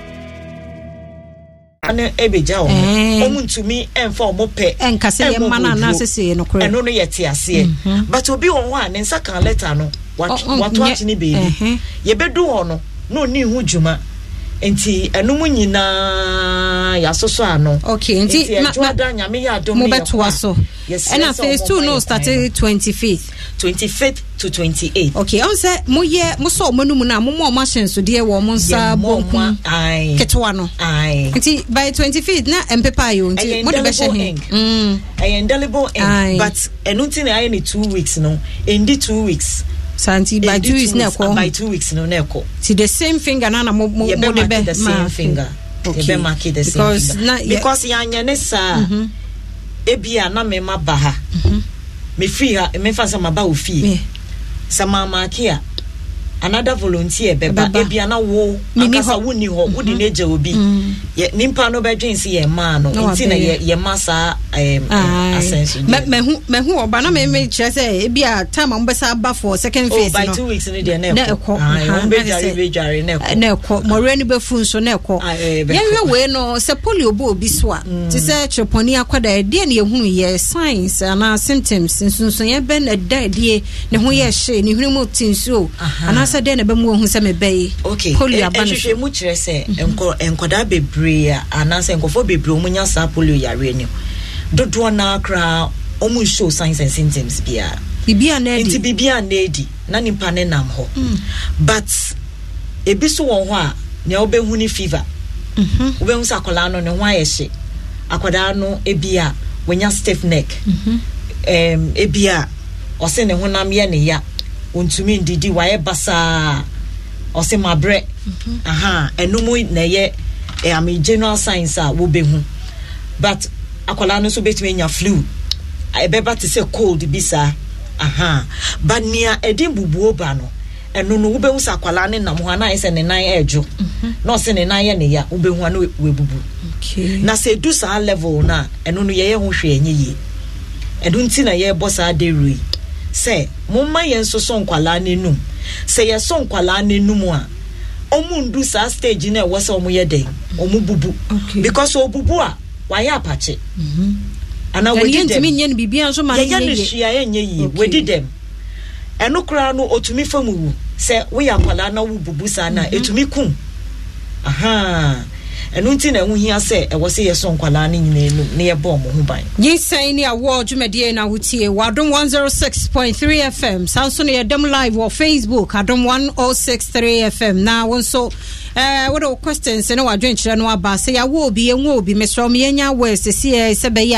Eh. ne ebegya wɔn wɔn ntumi mfa wɔn pɛ nkasa yɛ mma na anasese yɛ nokorɛ ɛno no yɛ te aseɛ mhm. but obi wɔ hɔ a ne nsa kan leta no oh, oh, wato ato ne beebi yɛbɛdu hɔ no na oni ho dwuma nti ɛnum nyinaa yasosɔ ano okay nti ɛdwa da nyame yɛ adom yɛ kɔ a yɛsi ɛsɛ wɔn mo bɛtoa so ɛna phase two no start twenty fifth twenty fifth to twenty eight. okay ọ̀n sẹ́ mo yẹ mo sọ ọmọ numu náà mo mọ ọmọ ahyẹnsodeɛ wɔ ɔmo nsa bonkun ketewa no nti by twenty fifth na mpepa ayi o nti mo de bɛ hyɛ hin. ɛyɛ indelible ink but ɛnu ti na ayɛ ni two weeks no di two weeks santi by two weeks na ɛkɔ by two weeks no na ɛkɔ. ti the same finger na na mo mo mo de bɛ maa yɛ bɛ mark the same finger okay. yɛ bɛ mark the because same finger na, because yɛn anyɛ ne saa mm-hmm. ebi a na mɛ ma ba ha mɛ mm-hmm. firi ha mɛ fa sɛ ma ba o fie. sɛ maamaa another volunteer bɛba ebi ana wo ankasa wo ni hɔ wo di mm-hmm. ne gye obi mm-hmm. nipa no bɛ dwen si yɛ mmaa no nti na yɛ yɛ mma saa ɛɛm asɛnso de. mɛhu mɛhu ɔba na mɛmɛ mm. kyerɛ sɛ ebi a time a mo bɛ sa aba for second oh, phase no. oh by two weeks ni deɛ na ɛkɔ ɛhɔn bɛ dware bɛ dware na ɛkɔ. na ɛkɔ mɔrɛ ni bɛ fu nso na ɛkɔ. yɛn hwɛ wei no sɛ polio bɔ obi so a mm. te sɛ kyerɛpɔni akɔda ɛdeɛ na yɛhunu yɛ signs anaa symptoms nsonson yɛ bɛ na ɛda ɛdeɛ ne ho yɛ hye ne hwene mu ti nsuo anaa anaasɛ dɛn na ɛbɛmu wɔn ho sɛ mebɛyi polio aba eh, ne eh, so ɛhwehwɛ mu kyerɛ sɛ nkɔdaa bebree a anaasɛ nkɔfoɔ bebree wɔn nya saa polio yare no dodoɔ naa koraa wɔn nhyɛ signs and symptoms biara Bibia na edi nti Bibia na edi na nipa ne nam hɔ hmm. but ebi so wɔn hɔ a nea wɔbɛhu ne fever mhm. wɔbɛhu sɛ akwadaa no ne ho ayɛ hye akwadaa no ebia, a wɔnya stiff neck ɛɛm mhm. ebi a ɔsɛ ne honam yɛ ne ya. ntumi ndidi wayɛ basaa ɔsɛ mabrɛ mhm. aha ɛno mu na ɛyɛ e ɛame general science a wɔbɛhu but akwadaa no nso bɛtumi anya flu ɛbɛba te sɛ cold bi saa aha but nea ɛde bubuo ba no ɛno no wobɛhu sɛ akwadaa ne nam ho anaayɛ sɛ ne nan ɛredwo na ɔsɛ ne nan yɛ ne ya wobɛhu ano wɔabubu na sɛ ɛdu saa level no a ɛno no yɛyɛ ho hwɛ ɛnyɛ yie ɛno nti na yɛrebɔ saa dawuro yi sɛ momma yɛn nso so nkwalaa n'anum sɛ yɛsɔ nkwalaa n'anum a ɔmo ndu saa stage na ɛwɔ sɛ ɔmo yɛ dɛn ɔmo bubu okay. because ɔbubu a wayɛ apakye mm -hmm. ana wɔdi dɛm yɛyɛ ne sua yɛnyɛ yie wɔdi dɛm ɛno koraa no ɔtumi fam wu sɛ woyɛ akwalaa na bubu saa na mhm. ɛtumi kum ahaa. ɛno nti na ɛho hia sɛ ɛwɔ sɛ yɛsɔ nkwadaa no nyinaa num na yɛbɔ ɔmo ho ban yinsɛn ne awoɔ dwumadie na wotie wadom 106.3 fm saa nso no yɛdɛm live wɔ facebook adom 1063 fm na wo nso Eh, wode wo questions ne wadwenkyerɛ no aba sɛ yɛawo obi yɛwo obi mesrɛ m yɛnya wɔ sɛsiɛ sɛ bɛyɛ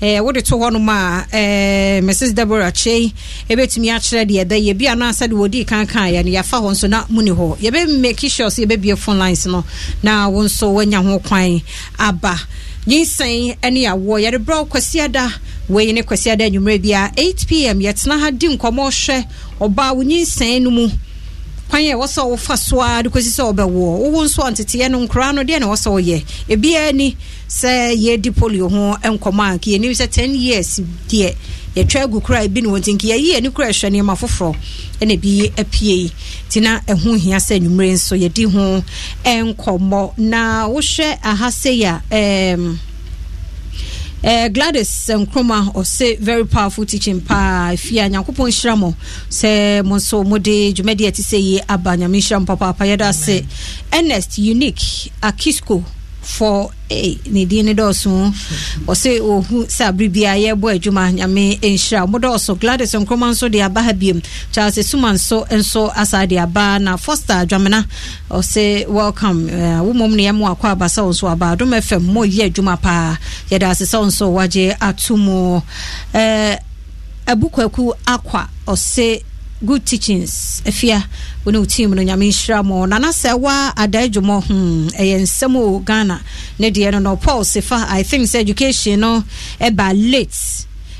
a eh, wode to hɔ nom a eh, mrs debora kyei ɛbɛtumi akyerɛ deɛ ɛdɛ yɛ bia no asɛ de wɔdii kankan yɛ no yɛafa hɔ nso na mu ni hɔ yɛbɛmaki sure sɛ yɛbɛbie phone lines no na wo nso woanya ho kwan aba nyinsɛn ne yɛawoɔ yɛde berɛ kwasiada wei ne kwasiada anwummerɛ bi a 8 pm yɛtena ha di nkɔmmɔ hwɛ ɔbaa wo nyinsɛn no mu kwan a ɛwɔ sɛ wofa soa de kɔsi sɛ wobɛwoɔ wowo nso a nteteɛ no nkoraa no deɛ na ɛwɔ sɛ ebiaa ni sɛ yɛdi polio ho nkɔmmɔ a yɛnim sɛ 10 years deɛ yɛtwa agu kora ebi ne wɔ nti nka yɛyi ani kora ɛhwɛ nneɛma foforɔ ɛna bi apue yi nti ɛho hia sɛ anwummerɛ nso yɛdi ho nkɔmmɔ na wohwɛ aha sei a um, eh, gladys nkroma ɔse very powerful teaching paa fie a nyankopɔn nhyira mo sɛ mo nso mode dwumadi ɛte sɛ yie aba nyame nhyira mo papaapa yɛda ase ernest unique akisco fɔ eh, ne din ne dɔɔso ɔsɛ ɔhu sɛ abere biaa yɛbɔ e adwuma nyame e nhyira mo dɔɔso gladys nkroma nso de aba ha biom charles suma nso nso asa de aba na foster adwamena ɔsɛ welcome uh, eh, womom ne yɛmo akɔ aba sɛ wo nso aba adom fm mɔyɛ adwuma paa yɛde ase sɛ wo nso wagye ato mu eh, ɛbukwaku akwa ɔsɛ good teachings afia wo ne wo team no nyame nhyira mu nana sɛ wa ada adwuma hmm ɛyɛ nsɛm o ghana ne deɛ no no paul sefa i think sɛ education no ɛba late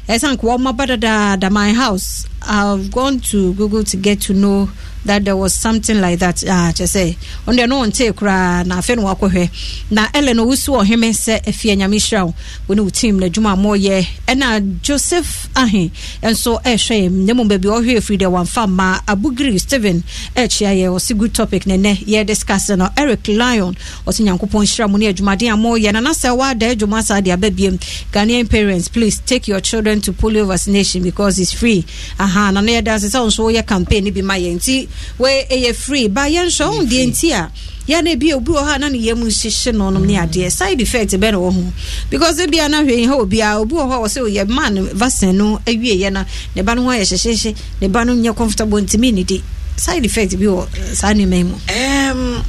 ɛsan kò wɔn mma dadaada my house i have gone to google to get to know that there was something like that ah uh, kyɛ sɛ ɔno deɛ no wɔnte koraa na afei no wakɔhwɛ na ɛlɛ no wosu ɔheme sɛ afie nyame hyira wo ne wo team no adwuma a mɔyɛ ɛna joseph ahe nso ɛhwɛ yɛ na mmom baabi ɔhwɛ ɛfiri deɛ wamfa ma abugiri steven ɛkyia eh, yɛ ɔse good topic ne ne ye discuss no eric lion ɔse nyankopɔn hyira mu ne adwumaden a mɔyɛ na na sɛ woada adwuma saa de aba biam ghanaian parents please take your children to polio vaccination because it's free aha na ne yɛda ase sɛ wo nso campaign no bi ma yɛ nti wei ɛyɛ free ba yɛnhwɛ wo deɛ nti a yɛna bi obi wɔ hɔ a na ne yam hyehye no nom ne adeɛ mm. side effect bɛ na wɔ ho because ebi a na hwɛ yi ha obiara obi wɔ hɔ a wɔsɛ yɛ ma vaccine no awie yɛ na ne ba no ho ayɛ hyehyehye ne ba no nyɛ comfortable ntumi ne di side effect bi wɔ eh, saa nneɛma yi mu. Um,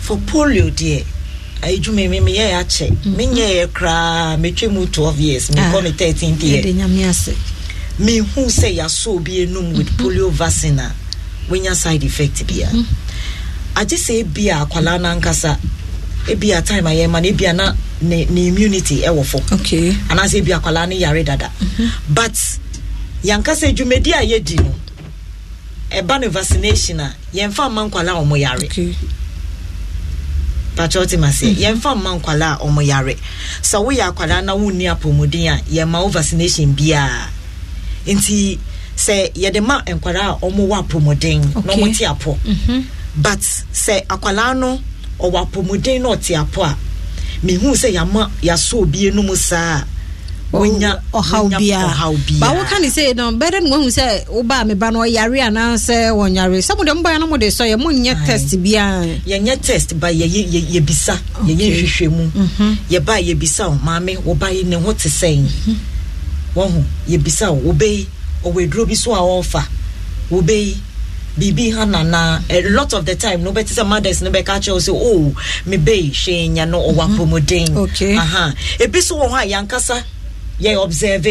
for polio deɛ adwuma mi mi yɛ akyɛ mi mm-hmm. nyɛ yɛ koraa metwa mu twelve years mi kɔ mi ah, thirteen deɛ mi hu sɛ yasɔ obi enum with mm-hmm. polio vaccine a wonya side effect bia mm. agye sɛ ebia akwalaa nankasa ebia time ayɛ ma no ebia na ne, ne immunity ɛwɔ fɔ okay. anaasɛ ebia akwalaa no yare dada mm-hmm. but yankasa dwumadi a yɛdi no ɛba no vaccination a yɛmfa mma nkwalaa a wɔn yare okay. patrɔti ma se mm-hmm. yɛmfa mma nkwalaa a wɔn yare sɛ woyɛ akwalaa na wonni apɔmuden a yɛma wo vaccination biara nti sɛ yɛde ma nkwadaa a wɔwɔ apɔmuden okay. na wɔn apɔ mhm. but sɛ akwadaa no ɔwɔ apɔmuden na ɔte apɔ a mehu sɛ yɛama yɛasɔ obi anum saa wonya ɔhaw biaa ba woka mm-hmm. oh, ne sɛ no bɛdɛ no wahu sɛ mm-hmm. wobaa meba no ɔyare anaasɛ wɔnyare sɛ mode mobɔɛ no mode sɔ yɛ monyɛ test biaa test ba yɛbisa yɛyɛ oh, nhwehwɛ mu yɛbaa yɛbisa wo maame wobae ne ho te sɛn wahu yɛbisa ɔwɔ aduro bi so a ɔrefa wɔbɛyi biribi ha nana a eh, lot of the time no bɛte sɛ mothers no bɛka kyerɛw sɛ o oh, mebɛi hwee nya no ɔwɔ mhm. apɔmuden aha ebi so wɔ hɔ a yɛankasa yɛ observe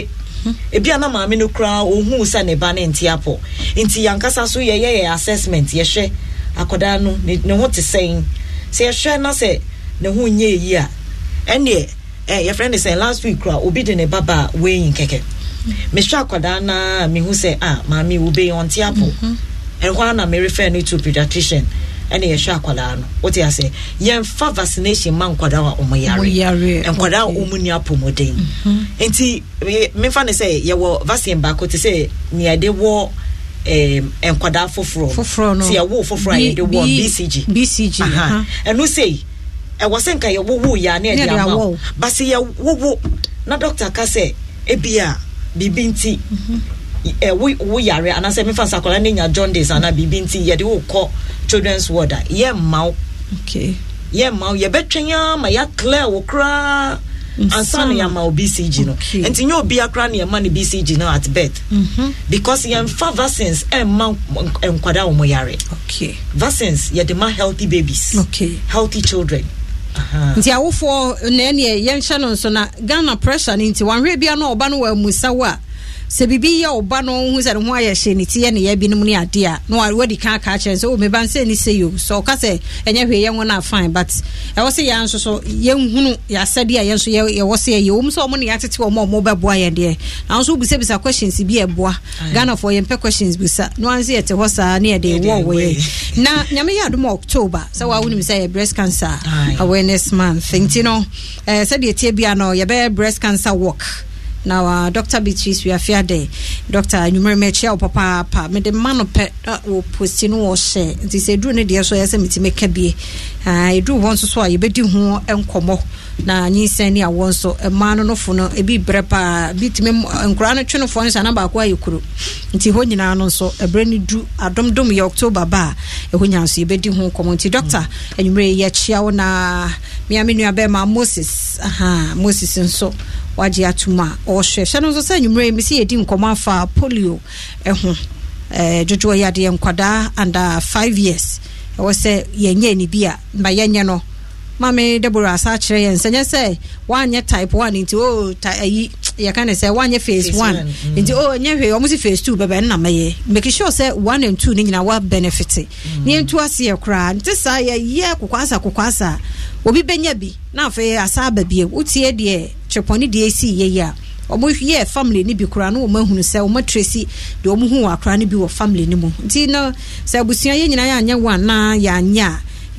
mhm. ebi ana maame no koraa ohun sɛ ne ba ne nte apɔ nti yankasa so yɛyɛ yɛ assessment yɛhwɛ akwadaa no ne ho te sɛn sɛ yɛhwɛ na sɛ ne ho nyɛ eyi a ɛnneɛ ɛɛ eh, yɛfrɛ ne sɛn last week koraa obi de ne ba ba weighing kɛkɛ mehwɛ akwadaa naa mehu sɛ ah maame wo bɛyi ɔnte apɔ mhm. ɛnkɔ ara na merefɛ no to pediatrician ɛna yɛhwɛ akwadaa no wote asɛ yɛmfa vaccination ma nkwadaa a ɔmo yare nkwadaa a ɔmo ni apɔmɔden mhm. nti mefa ne sɛ yɛwɔ vaccine baako te sɛ nea yɛde wɔ nkwadaa foforɔ foforɔ no sɛ yɛwo foforɔ a yɛde wɔ bcg bcg ɛno sei ɛwɔ sɛ nka yɛwowo yɛ a ne yɛde ama wo ba na dɔkta ka sɛ ebia biribi nti ɛwo eh, wo yare anaasɛ mefa sɛ akwadaa ne nya jaundice anaa biribi nti yɛde wo children's ward a yɛ mma wo yɛ mma wo yɛbɛtwɛn ara ma yɛaclear wo koraa ansa na yɛama wo bcg no nti nyɛ obia koraa na yɛma no bcg no at birth mm-hmm. because yɛmfa vaccines ɛmma eh, nkwadaa wɔ mo yare vaccines yɛde ma healthy babies healthy children nti awofoɔ na ɛneɛ yɛnhyɛ no nso na ghana pressure no nti wanhwɛ bia no ɔba no wɔ amusawo a sɛ biribi yɛ ɔba no hu sɛ ne ho ayɛ hyɛ ne teɛ ne yɛ binom ne ade a na wadi ka aka kyerɛ sɛ meba nsɛ ni sɛ yo sɛ ɔka sɛ ɛnyɛ hwee yɛ ho no afine but ɛwɔ sɛ yɛa nso so yɛhunu yɛasɛdeɛ a yɛ nso yɛwɔ sɛ yɛyɛ wɔm sɛ ɔmo ne yɛatete ɔma ɔmo bɛboa yɛn deɛ nanso wobisabisa questions bi ɛboa ghanafoɔ yɛmpɛ questions bisa no anse yɛte hɔ saa ne yɛde ɛwɔ wɔ yɛ na nyame yɛ adom october sɛ woa wonim sɛ yɛ breast cancer awareness month nti no sɛdeɛ tie bia no yɛbɛyɛ breast cancer walk na wa uh, dr beatrice wiafia dr anwummerɛ wo papaapa mede ma no pɛ wɔ posti no e wɔhyɛ nti sɛ ɛduru no deɛ so yɛ e sɛ metumi ka bie ɛduru hɔ nso so a yɛbɛdi ho nkɔmmɔ na nyinsɛn ne awɔ nso mmaa no nofo no ebi brɛ paa bi tumi nkoraa no twenofoɔ no sɛ ana ayɛ kuro nti hɔ nyinaa no nso ɛberɛ no du adomdom yɛ october ba a ɛhɔ nyinaa nso yɛbɛdi ho nkɔmmɔ nti dɔkta anwummerɛ e yɛkyia wo na mea me bɛma moses aha moses nso wagye atom a ɔrehwɛ hwɛ no nso sɛ anwummerɛ mɛ sɛ yɛdi nkɔmmɔ afa polio ho eh, dwodwoɔ yɛ nkwadaa under 5 years ɛwɔ sɛ yɛnyɛ ne bi a ma yɛnyɛ no mame debora asa akyerɛ yɛn sɛ sɛ woanyɛ type 1 nti o oh, ayi yɛka ne sɛ woanyɛ phase, phase mm. nti o oh, nyɛ hwee ɔmo si phase 2 bɛbɛ nna mɛyɛ make sure sɛ 1 and 2 ne nyina wa benefit mm. ne yɛntu aseɛ koraa nti saa yɛyɛ kokoasa kokoasa obi bɛnya bi na afei asa aba bie wotie deɛ twepɔne deɛ ɛsi yɛ yi a wɔn yɛ family no bi koraa no wɔn ahunu sɛ wɔn atresi deɛ wɔn hu akora no bi wɔ family no mu nti na sɛ abusua yɛ nyinaa yɛanyɛ wɔn anaa yɛanyɛ a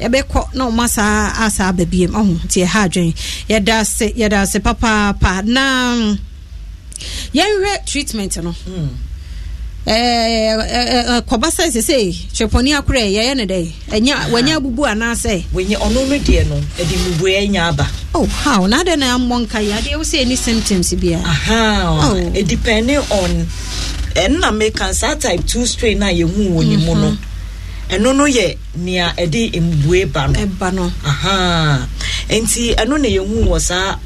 yɛbɛkɔ na wɔn asa asa aba biem ɔho nti ɛha adwene yɛda ase yɛda ase papaapa na yɛnhwɛ treatment no. Mm. Eh, eh, eh, kɔba sɛ sesei kyerɛpɔne akorɛ yɛyɛ ne dɛ ɛnya wanya abubu anaasɛ wɔnyɛ ɔno no deɛ no ɛde mmubuɛ nya aba oh how na adɛn na ammɔ nka yi adeɛ wo sɛ ɛni symptoms biaa aha ọ oh. on na meka saa type 2 strain a yɛhu wɔ ne mu no mhm. ɛno no yɛ nea ɛde mbue ba no ɛba no nti ɛno na yɛhu wɔ saa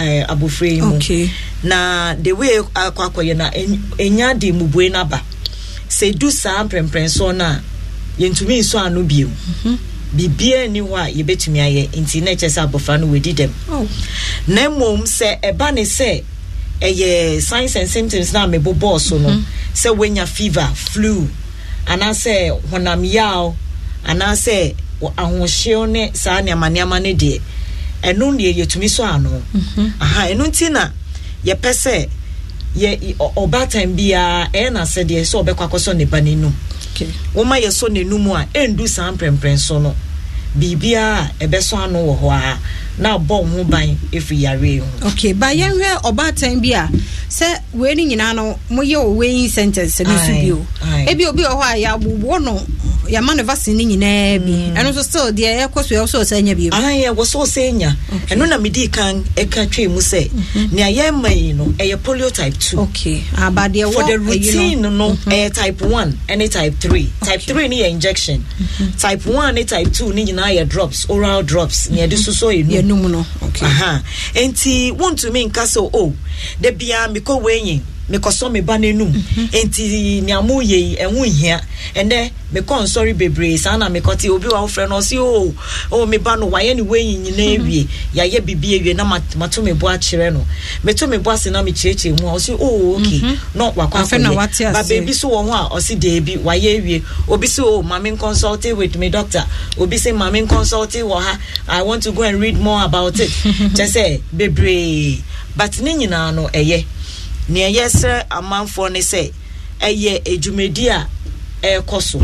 yi mu na the way akɔ akɔyɛ na enya de mubue n'aba sɛ du saa mprɛmprɛnsoɔ no na yɛntumi nso ano bio mhm. biribiara ni hɔ a yɛbɛtumi ayɛ nti na ɛkyɛ sɛ abɔfra no wɔdi dɛm oh. na mmom sɛ ɛba ne sɛ ɛyɛ signs and symptoms na mebobɔɔ so no mhm. sɛ woanya fever flu anaasɛ honam yaw anaasɛ ahohyew ne saa nneɛma nneɛma no deɛ ɛno deɛ yɛtumi so ano mhm. aha ɛno nti na yɛpɛ sɛ yɛ ɔbaatan biara ɛyɛ na sɛ deɛ sɛ ɔbɛkɔ akɔsɔ ne ba n'anum wɔma yɛsɔ n'anum a ɛndu saa mprɛmprɛnso no biribiara ɛbɛsɔ ano wɔ hɔ ara na abɔ wo ho ban ɛfiri yareɛ ho okay ba yɛnhwɛ ɔbaatan bi a sɛ wei no nyinaa no moyɛ wɔ weighing sentence no so bio ebi obi wɔ hɔ a yɛabobɔ no yɛama no vaccine no nyinaa bi mm. ɛno nso still deɛ yɛkɔ so yɛwɔ sɛ ɔsɛ nya bio ayɛ wɔ sɛ ɔsɛ nya ɛno na medii kan ɛka twee mu sɛ mhm. nea yɛma yi no ɛyɛ polio type 2 okay aba deɛ wɔ the routine no mhm. ɛyɛ type one ɛne type three type three ni yɛ injection mhm. type one ne type two ni nyinaa yɛ drops oral drops nea yɛde susɔ ɛnu anom no nti wontumi nka sɛ o oh, da biaa mekɔ wei nyi mekɔsɔ me ba n'anum mhm. nti nea mo yɛ yi ɛho hia ɛnɛ mekɔ nsɔre bebree saa na mekɔte obi wa wofrɛ no ɔse o oh, o oh, me ba no wayɛ ne wei nyinaa awie mhm. yɛayɛ biribi awie na mato me bo akyerɛ no meto me bo ase na mekyerɛkyerɛ mu a ɔse o oh, ok mhm. na wakɔ akɔyɛ ba beebi so wɔ ho a ɔse deebi wayɛ awie obi se o maame nkɔnsɔlte with me doctor obi se maame nkɔnsɔlte wɔ ha i want to go and read more about it kyɛ sɛ bebree but ne nyinaa no ɛyɛ nea yɛsrɛ amanfoɔ ne sɛ ɛyɛ dwumadi a ɛrekɔ so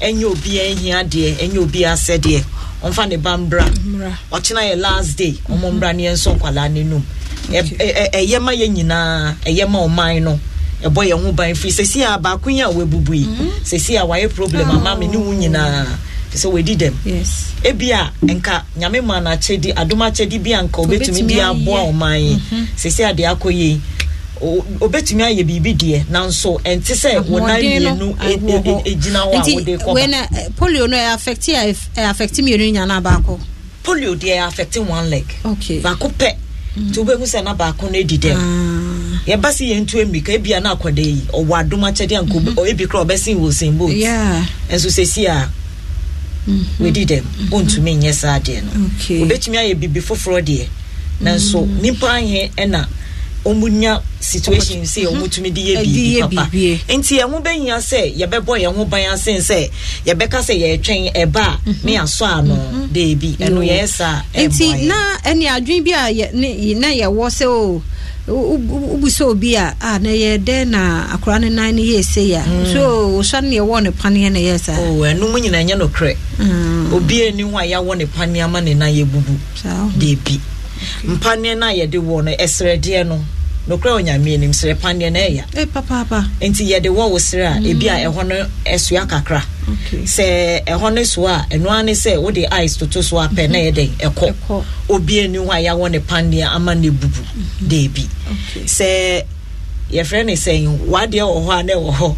ɛnyɛ obiara hia deɛ ɛnyɛ obiara sɛ deɛ ɔmfa ne ba mbra ɔkyena yɛ last day ɔmo mbra ne yɛn nso nkwalaa n'anum ɛyɛ ma yɛn nyinaa ɛyɛ ma ɔman no ɛbɔ yɛn ho ban firi sɛsi a baako yi a wabubu yi mm-hmm. sɛsi a wayɛ problem ama oh. mi ne wo nyinaa sɛ wɔadi dɛm ebi a nka nyame ma n'akyɛdi adom akyɛdi bi a nka obetumi bi aboa ɔman yi mm-hmm. sɛsi a deɛ akɔ yie. obetumi ayɛ biribi deɛ nanso ɛnte sɛ wɔnan mmienu e, e, e, egyina hɔ a wɔde kɔba uh, polio no ɛyɛ afɛkte mmienu nyana baako polio deɛ ɛyɛ one leg okay baako pɛ nti mm. wobɛhu sɛ na baako no adi dɛm ah. yɛba se yɛntu mmirika ebia na akɔda yi ɔwɔ adom akyɛdeɛ anko mm-hmm. ebi kora ɔbɛsen wɔ sen boat nso sɛsi a mm-hmm. wɔdi dɛm mm-hmm. wɔntumi nyɛ saa deɛ no obetumi ayɛ biribi foforɔ deɛ mm. nanso nipa anyɛ ɛna ɔmu situation sɛ ɔmu tumi yɛ biribi papa e. nti yɛn ho bɛnyia sɛ yɛbɛbɔ yɛn ho ban asen sɛ yɛbɛka sɛ yɛretwɛn ɛba a mhm. ne yasɔ ano beebi mhm. ɛno yɛyɛ saa nti na ɛni adwene bi a na yɛwɔ sɛ o wobu obi a a na yɛ dɛn na akora ne nan no yɛ sei a so osua no ne yɛwɔ ne paneɛ na yɛ saa ɛno nyina ɛnyɛ nokorɛ obi ani ho a yɛawɔ ne paneɛ ma ne nan yɛbubu deebi mpaneɛ no a yɛde wɔ no ɛsrɛdeɛ no nokora onyame anim serɛ paneɛ no ɛya eh, nti yɛde wɔ wo serɛ a mm. ebi a ɛhɔ no ɛsoa kakra sɛ ɛhɔ no so a ɛno ne sɛ wode ice toto so apɛ na yɛdɛn mm-hmm. ɛkɔ obi ani hɔ a yɛawɔ ne paneɛ ama no bubu mm-hmm. daabi sɛ yɛfrɛ ne sɛn wadeɛ wɔ hɔ a na ɛwɔ hɔ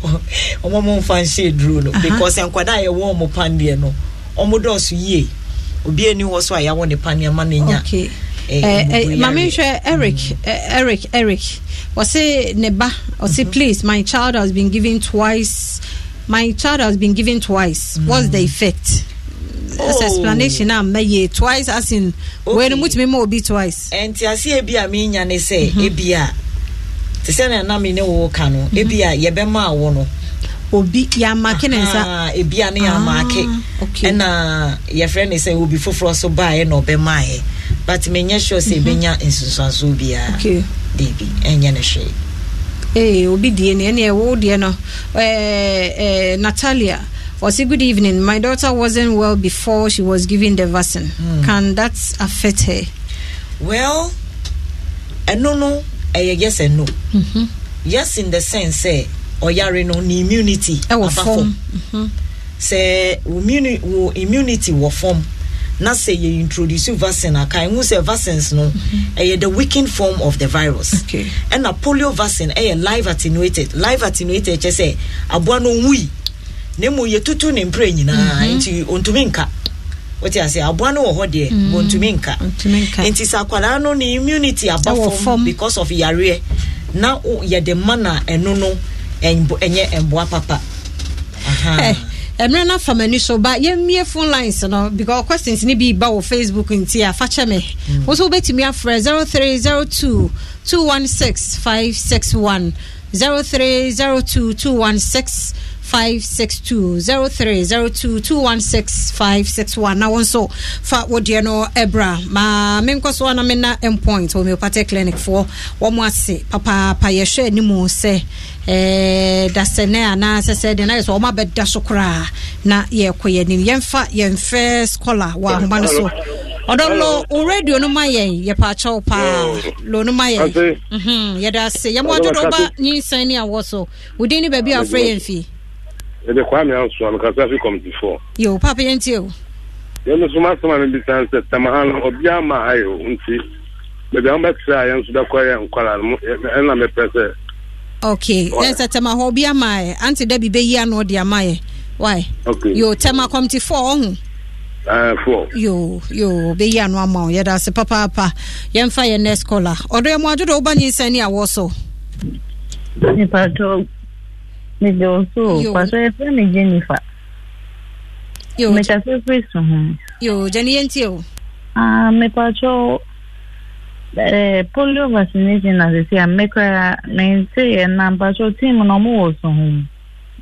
ɔmɔmo mfa nhyɛ duro no because nkwadaa a yɛwɔ ɔmo paneɛ no ɔmo dɔɔso yie obi hɔ so a yɛawɔ ne paneɛ ma no nya Eh, eh, eh, mamehwɛ eric eric eric ɔse ne ba ɔse mm-hmm. please my child has been given twice my child has been given twice mm. what's the effect as oh. explanation a ah, mɛyɛ twice as in okay. mutumi ma obi twice ɛnti ase ebi a menya ne sɛ mm-hmm. ebi a te sɛ na nam ne wo ka no ebi a yɛbɛma awo no obi yɛamaake ne nsa ah, ebia ne yɛamaake ah, ɛna yɛfrɛ ne sɛ obi foforɔ so baeɛ na ɔbɛmaeɛ but menyɛ sure sɛ ɛbɛnya mhm. nsunsuansoɔ biara deebi ɛnyɛ no hwee ee eh, obi die ne ɛne ɛwo deɛ no eh, eh, Natalia, was ɔsi good evening my daughter wasn't well before she was given the vaccine mm. can that affect her. well ɛno no ɛyɛ yes and no mm -hmm. yes in the sense say. ɔyare no ne immunity ɛwɔ fam mhm. sɛ wo immunity wɔ fam na sɛ yɛ introduce vaccine aka ɛhu sɛ vaccines no mhm. ɛyɛ the weakened form of the virus ɛna polio vaccine ɛyɛ live attenuated live attenuated kyɛ sɛ aboa no nwui na mu yɛtutu ne mprɛ nyinaa mhm. nti ɔntumi nka wote ase aboa no wɔ hɔ deɛ wɔntumi mm. nka nti sɛ akwadaa no ne immunity aba fam because of yareɛ na yɛde ma na ɛno no ɛnyɛ mboa papa eh, mmerɛ no afa m'ani so ba yɛmmie phone lines no because questions ne bi ba wɔ facebook nti a fakyɛ me hmm. wo so wobɛtumi afrɛ 0302 216 0302 216 0562 0302 216561 na wɔn nso fa wodeɛ no ɛbra ma menkɔ so ana mena mpoint homeopathic clinic foɔ wɔn ase papaapa yɛhwɛ anim sɛ Eh, dasɛnɛ anaasɛ sɛ deɛ na yɛ sɛ ɔma bɛda so koraa na yɛkɔ yɛ anim yɛmfa yɛmfɛ scholar wɔ ahoma no so ɔdɔ lo wo radio no ma yɛn yɛpaakyɛ wo paa oh. lo no ma yɛn yɛda ase yɛmoadwo dɛ woba nyinsɛn ne awɔ so wo din ne baabi a wɔfrɛ yɛn fii ebe kwame asụ amekasa fi kọmiti fọ. yo papa yẹn ti o. yẹn nso ma sọ ma mi bisa nsẹ tamaha no ama ha o nti bẹbi àwọn bẹ a yẹn nso nkwara na ok yẹn tamaha ama anti dẹbi bẹ yi ano ama why. ok yo tẹma kọmiti fọ ọhún. yo yo bɛyi ano ama o yɛda ase papaapa yɛmfa yɛ next caller ɔdɔ yɛ mu adwo ụba wobanye mede nso, kwaso yɛfrɛ me jennifer mekyɛ firi so ho gyane yɛntie o polio vaccination eh, na sɛsi a mekora menteɛ na mpakyɛw team na ɔmowɔ so ho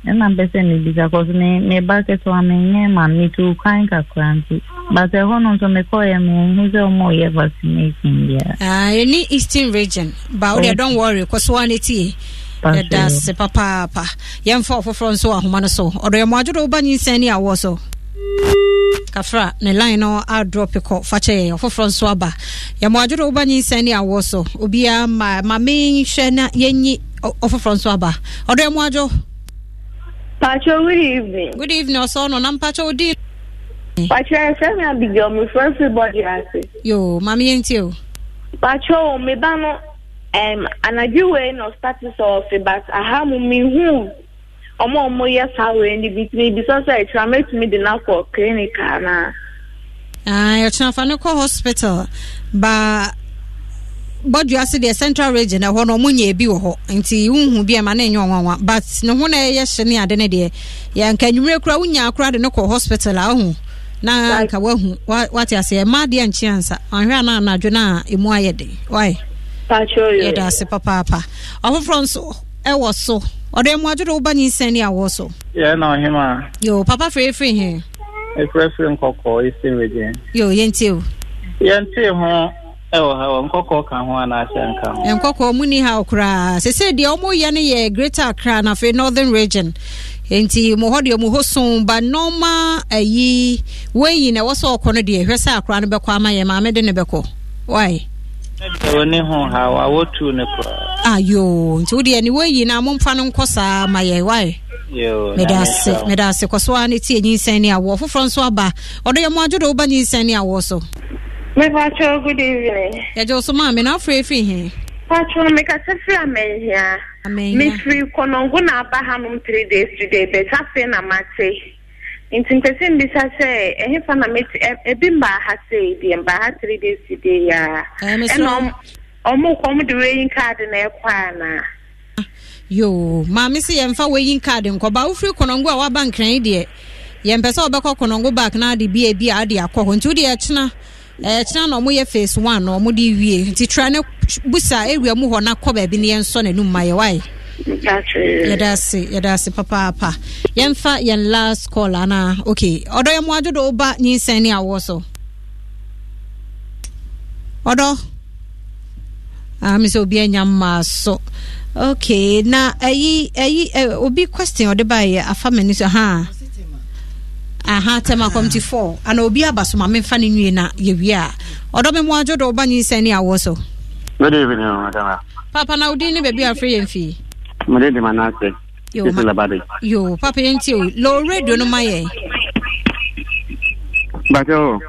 ɛna mpɛ sɛ mebisa kɔ so meba na menyɛ ma metu kwan kakra nti but ɛhɔ no nso mekɔɔyɛ mehu sɛ ɔma ɔyɛ vaccination biara ah, ɛni eastern region ba oh, wodeɛ yɛda ase papaapa yɛmfa ɔfoforɔ nso wɔ ahoma no so ɔdɔ yɛ mmoadwodo woba nyinsɛn ne awoɔ so kafra ne line no adrɔpe kɔ fakyɛ yɛ ɔfoforɔ nso aba yɛmmoadwodo woba nyinsɛn ne awoɔ so obiaa ma ma menhwɛ na yɛnyi ɔfoforɔ nso aba ɔdɔ yɛ mmoadwo Pacho, good evening. Good evening, also. No, Pacho. Good evening. Pacho, I'm from Abidjan. I'm from Yo, Pacho, um, anadwo wei na ɔstate sɛ but aha mu mehu ọmụ ɔmo yɛ saa wei no bi tumi bisa sɛ ɛkyerɛ mɛtumi de no akɔ clinic anaa yɛkyenafa no kɔ hospital ba ah, bɔdua ah, se deɛ central region ɛhɔ no ɔmo nya bi wɔ hɔ nti wohu bi ɛma no ɛnyɛ but ne na ɛyɛ hye ne ade deɛ kora wonya kora hospital a wohu na woahu yɛda ase papaapa ɔfoforɔ nso ɛwɔ so ɔde mu adwere woba ne nsɛn ne awɔ so yɛ na ɔhem yo papa firi firi he ɛfrɛ firi nkɔkɔɔ ɛsim wagyen yo yɛntie o yɛntee ho ɛwɔ ha wɔ nkɔkɔɔ ka ho anaasɛ nka ho nkɔkɔɔ mu ni haw koraa sesei deɛ ɔmoyɛ no yɛ greater Kra na afei northern region nti mo hɔ deɛ mo so ba nɔɔma ayi wɔnyi na ɛwɔ sɛ ɔkɔ no deɛ hwɛ sɛ akora no bɛkɔ ama yɛ maame de ne bɛkɔ wae ayo nti wodeɛ ne woayi na momfa no nkɔ saa ma yɛ wae mede ase kɔ so a ne tie nyinsɛn ne awoɔ foforɔ nso aba ɔdɔ yɛ mo adwo woba nyinsɛn ne awoɔ so good evening yɛgye wo so maa me na afrɛ ɛfiri he pakyɛw mekasa firi amanhia mefiri kɔnɔngo na aba hanom days today afei na mate nti mpɛsɛ mbisa sɛ ɛhe fa na meti e, ebi mbaa ha sei deɛ mbaa ha three days deɛ ya ɛna ɔmo kɔ ɔmo de weyin kaadi na ɛkɔ ana. yoo maame si yɛmfa weyin kaadi nkɔba awofiri kɔnɔngo a waba nkran deɛ yɛmpɛ sɛ ɔbɛkɔ kɔnɔngo baak na ade bia bi a adi akɔ hɔ nti wode ɛkyena ɛkyena eh, na ɔmo yɛ phase wan na ɔmo de wie nti tra ne busa ewia mu hɔ na kɔ baabi ne yɛnsɔ n'anum ma yɛ waayɛ. yɛdase papaapa yɛmfa yɛn last call anaa ok ɔdɔ yɛ mo adwodo woba nyinsɛn ne awɔ so ɔdɔ ah, obi anya mmaa so ok na ayi ayi e, obi question ɔde baeɛ afa m'ani so ha aha tema committee four ana obi aba so ma memfa ne nwie na yɛwie a ɔdɔ me mo adwodo nyinsɛn ne so good evening papa na wodin ne baabi afrɛ yɛn fii mede de ma no asɛ ɛsi labade yo papa yɛnti o lɔ radio no ma yɛ bakyɛ o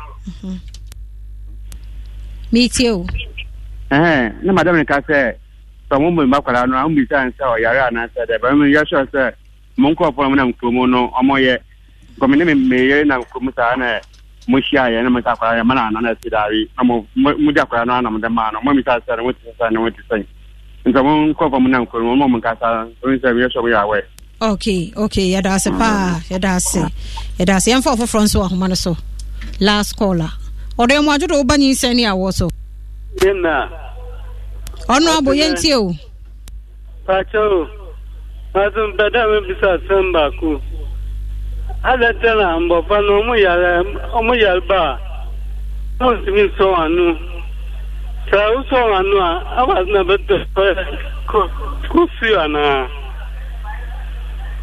meetie mhm. o eh, na madam n'i ka sɛ sɛ mo no a mbisa sɛ ɔyare anaasɛ dɛ bɛma yɛhwɛ sɛ mo nkɔɔfoɔ mo nam kuromu no na mohyia yɛ na mesa akwara yɛ mana ana na asi na no no nka wọn nkɔ fam na nkɔ wọn mɔmu nkasa wọn nsɛm yɛ ya wɔyɛ awɛ. ok ok yɛda paa yɛda ase yɛda ase yɛnfa ɔfoforɔ nso wɔ ahoma no so last call a ɔdɔ mu adwodo woba nyinsɛn ne awɔ so. na. abo yɛn ti o. mi na anụ anua, awas na bete eh, kusiwa na.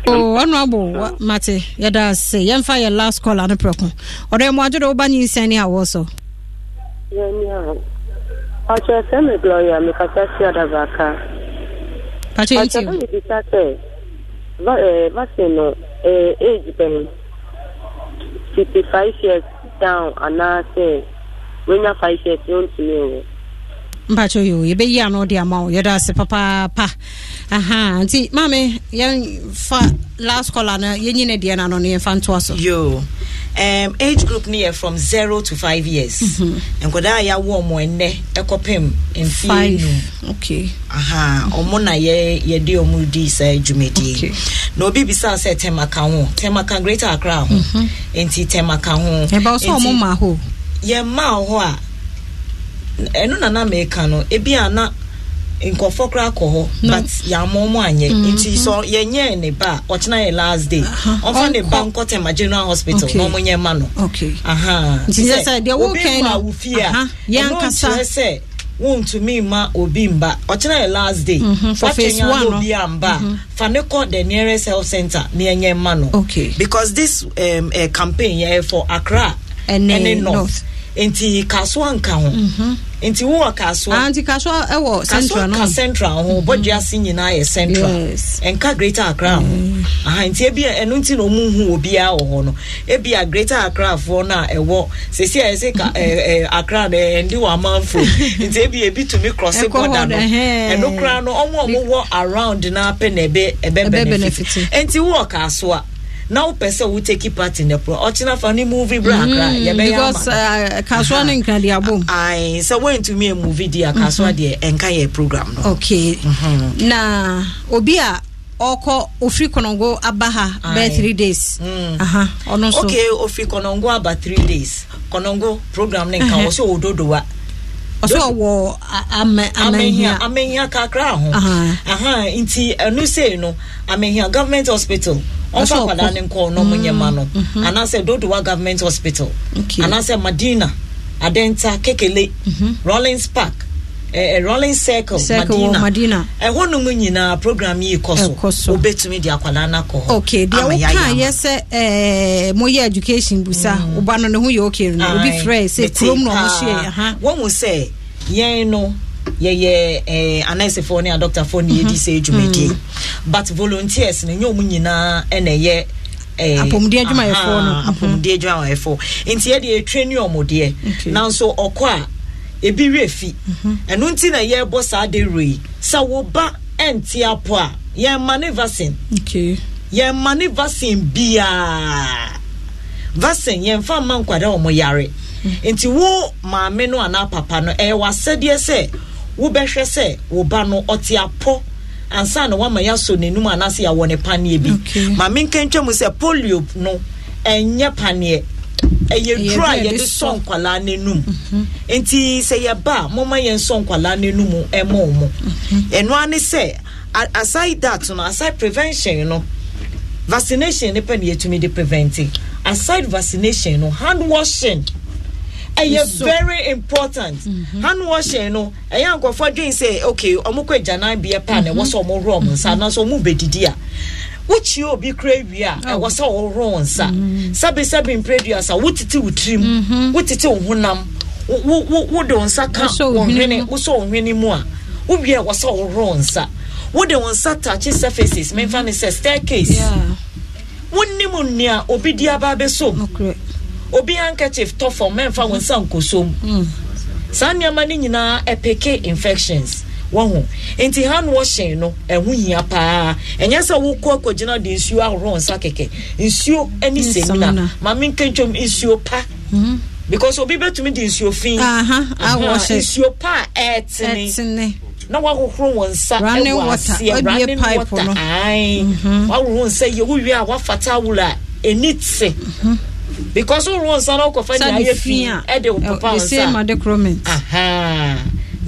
ɔno oh, abo mate yɛda ase yɛmfa yɛ last call ano prɛko ɔdɔ yɛ moadwo dɛ woba nyinsɛn ne awɔ so ɔkyerɛ sɛ mebrɛ ɔyɛ mekasa sia da baaka pakyɛ sɛ mebisa no age bɛn fifty five years down anaasɛ wonya five years yɛntumi wɔ mpakyɛ yɛ yɛbɛyi ano de ama wo yɛda ase papaapa aha nti maame yɛmfa last collar no yɛnyi ne deɛ no ano no yɛmfa ntoa yo um, age group no from zero to five years mhm. nkwadaa a yɛawo ɔmo ɛnɛ ɛkɔpem mfie num aha ɔmo na yɛde ɔmo di saa dwumadie na obi bisa sɛ tɛmaka ho tɛmaka greater accra ho mhm. nti tɛmaka ho ɛba wo sɛ ɔmo ma ho yɛmma hɔ a ɛno na na no ebi a nkɔfɔ kora kɔ hɔ but yàmɔ anya anyɛ mhm. nti sɔ ne ba yɛ last day hospital na ɔmo nyɛ ma no sɛ obi ma awo a nkyerɛ sɛ obi mba last day mhm, obi mhm. the nearest health center na yɛnyɛ ma because this um, uh, campaign for accra north. nti kasuwa nka ho nti kasuwa kasuwa kasoaka central ho mhm. bɔduase nyinaa yɛ central nka greater akra ho mm. nti ebi ɛno nti na ɔmu hu obiara wɔ hɔ no ebia greater akrafoɔ no na ɛwɔ sisi a yɛsɛ ka ɛɛ akra no ɛndi wɔ amanfo nti ebia ebi tumi cross border no ɛno kora no ɔmo a ɔmo wɔ around na apɛ na ɛbɛ ɛbɛ benefit nti wowɔ kasuwa. na wopɛ sɛ take part in the pro ɔkyena fa ne movie berɛ akra mm, yɛbɛyɛ uh, kasoa no nkra de abom sɛ woantumi ɛmovi deɛ kasoa mhm. deɛ ɛnka yɛ program no okay mm-hmm. na obi a ɔkɔ ofiri kɔnɔngo aba ha bɛɛ three days mm. ɔno nso okay ofiri kɔnɔngo aba three days kɔnɔngo program ne nka wɔ sɛ ɔdodowa ɔsɛ ɔwɔ amahia amahia kakra ho nti ɛnu sei no amahia government hospital ɔmfa akwadaa ne nkɔɔ na ɔmo nyɛma no mm-hmm. anaasɛ dodowa government hospital anaasɛ madina adenta kekele mm-hmm. rollins park Eh, eh, rolling circle Circle madina ɛhɔnom eh, nyinaa program yi kɔ so wobɛtumi de akwalaa no akɔ hɔ deɛ woka yɛ sɛ moyɛ education busa mm. woba no ne ho yɛ okay no obi frɛ sɛ kurom na ɔmo hyeɛ wɔhu sɛ yɛn no yɛyɛ anɛsefoɔ ne adɔctafoɔ ne yɛdi mhm. sɛ dwumadie mm. but volunteers no nyɛ ɔmu nyinaa ɛna ɛyɛ apɔmudeɛ adwumayɛfoɔ no apɔmudeɛ adwumayɛfoɔ nti yɛde yɛtwe ne ɔmodeɛ nanso ɔkɔ a ebi wi efi ɛnu nti na yɛ bɔ saa de roi sa wo ba ɛnti apo a yɛn ma ne vaccine yɛn ma ne vaccine biaa vaccine yɛn fa ma nkwadaa wɔn yare nti wo maame no anaa papa no ɛyɛ w'asɛdeɛ sɛ wobɛhwɛ sɛ wo ba no ɔte apɔ ansa na wama yasɔ n'anum anaasɛ yɛawɔ ne paneɛ bi maame nkɛntwɛ mu sɛ polio no ɛnyɛ paneɛ. ɛyɛ duro mm-hmm. e mm-hmm. e a yɛde sɔ nkwalaa n'anum nti sɛ yɛba a mɔmɔ yɛn sɔ nkwalaa n'anum ɛmɔ wɔn ɛnua ne sɛ aside that no aside prevention no vaccination nipa na yɛtumi de preventi aside vaccination no hand washing ɛyɛ e very important mm -hmm. hand washing no ɛyɛ nkɔfɔ dwen sɛ okay ɔmo kɔ agyanan bea paa na ɛwɔ sɛ ɔmo rɔ ɔmo nsa anaasɛ ɔmo a. wokyie obi kura wie a ɛwɔ sɛ wɔworɔ wo nsa sɛbesɛbe mprɛdua sa wotete wo tirim wotete wo honam wode wo nsa ka wosɛ wo hwene mu a wowie ɛwɔ sɛ wɔworɔ wo nsa wode wo nsa tache surfaces memfa ne sɛ staircase wonim nea obi di aba bɛsom oh, obi handkerchief tɔ fam mɛmfa wo nsa nkɔsom saa nneɛma no nyinaa ɛpeke infections wɔho nti hand washing no ɛho hia paa ɛnyɛ sɛ wokɔ akɔgyina de nsuo ahorow nsa kɛkɛ nsuo ne semina maame nkɛntwam nsuo pa mhm. because obi bɛtumi de nsuo fi nsuo pa a ɛtene na wahohoro wɔn nsa ɛwɔ aseɛ running water ae wahohoro mhm. nsa yie wowie a wafata awura ɛni te mhm. because wohoro nsa na wokɔfa ne ayɛ fi ɛde wo papa eh, nsa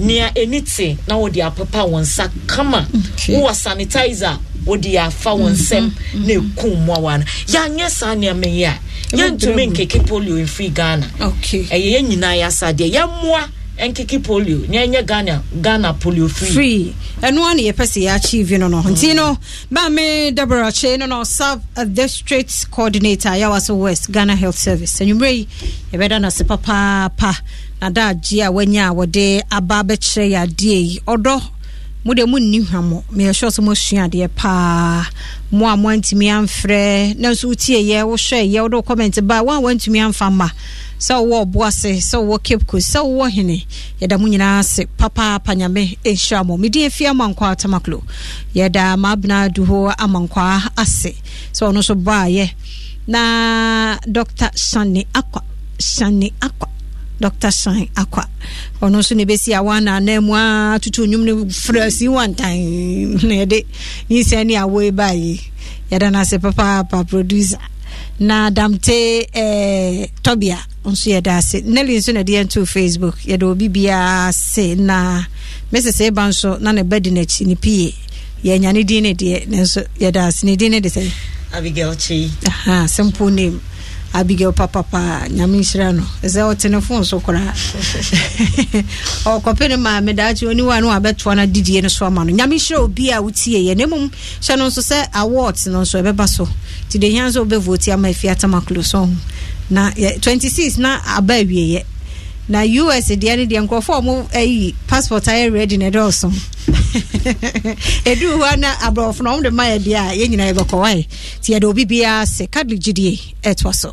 nea ɛni te na wɔde apepa wɔn nsa kama wowɔ sanitizer wɔde afa wɔn mm-hmm. nsam na ekum mm-hmm. mmoawa no yɛanyɛ saa nneɛma yi a yɛntumi nkeke polio mfiri ghana ɛyɛ yɛn nyinaa yɛ asadeɛ yɛmmoa nkeke polio na ɛnyɛ ghana ghana polio free. free ɛnoa ne yɛpɛ sɛ yɛachieve no no nti no ba mm. me dabra che no no sub uh, district coordinator yɛwa so west ghana health service anwummerɛ yi yɛbɛda no ase papaapa nadaagye a wanya a wɔde aba bɛkyerɛ yɛ adeɛ yi ɔdɔ mo deɛ monni hwammɔ meyɛhyɛ sɛ moasua adeɛ paa mo a moantumi amfrɛ nanso wotieeɛ wohwɛeɛ wode wo comment baa wo a woantumi amfa mma sɛ wowɔ ɔbo ase sɛ wowɔ cape coast sɛ wowɔ hene yɛda mo nyinaa ase papaapa nyame ɛnhyira mɔ medin afie amankwaa tamaklo yɛda maabena adu hɔ amankwaa ase sɛ ɔno nso baayɛ na dr shane akwa shane akwa dr shan akwa ɔno nso ne bɛsi awa na mu a tutu nnwom no frɛ si wantan na yɛde nyinsa ne awo yi yi yɛda no papaapa producer na damte eh, tɔbia nso yɛda ase nelly nso na de yɛnto facebook yɛde obi biara se na mesese ba nso na ne ba di n'akyi ne pie yɛanya ne din ne deɛ nanso yɛda ase ne din ne de sɛ abigail chi aha simple name abigail papapa nyame nhyira no ɛsɛ ɔte ne fon so koraa ɔkɔpɛ ne maa medaakye oniwa ne wabɛtoa no didie no so ama no nyame nhyira obi a wotieɛ na mmom hyɛ no nso sɛ awards no nso ɛbɛba so nti de hia nso wobɛvooti ama afi na 26 na aba awieɛ na us deɛ eh, ne deɛ nkurɔfoɔ a ɔmo ayi passport ayɛ ready na ɛdɔɔso ɛduru hɔ na aborɔfo na ɔmo de ma yɛ deɛ a yɛn nyinaa yɛbɛkɔ wae nti yɛde obi biara sɛ kadle gyidie ɛtoa so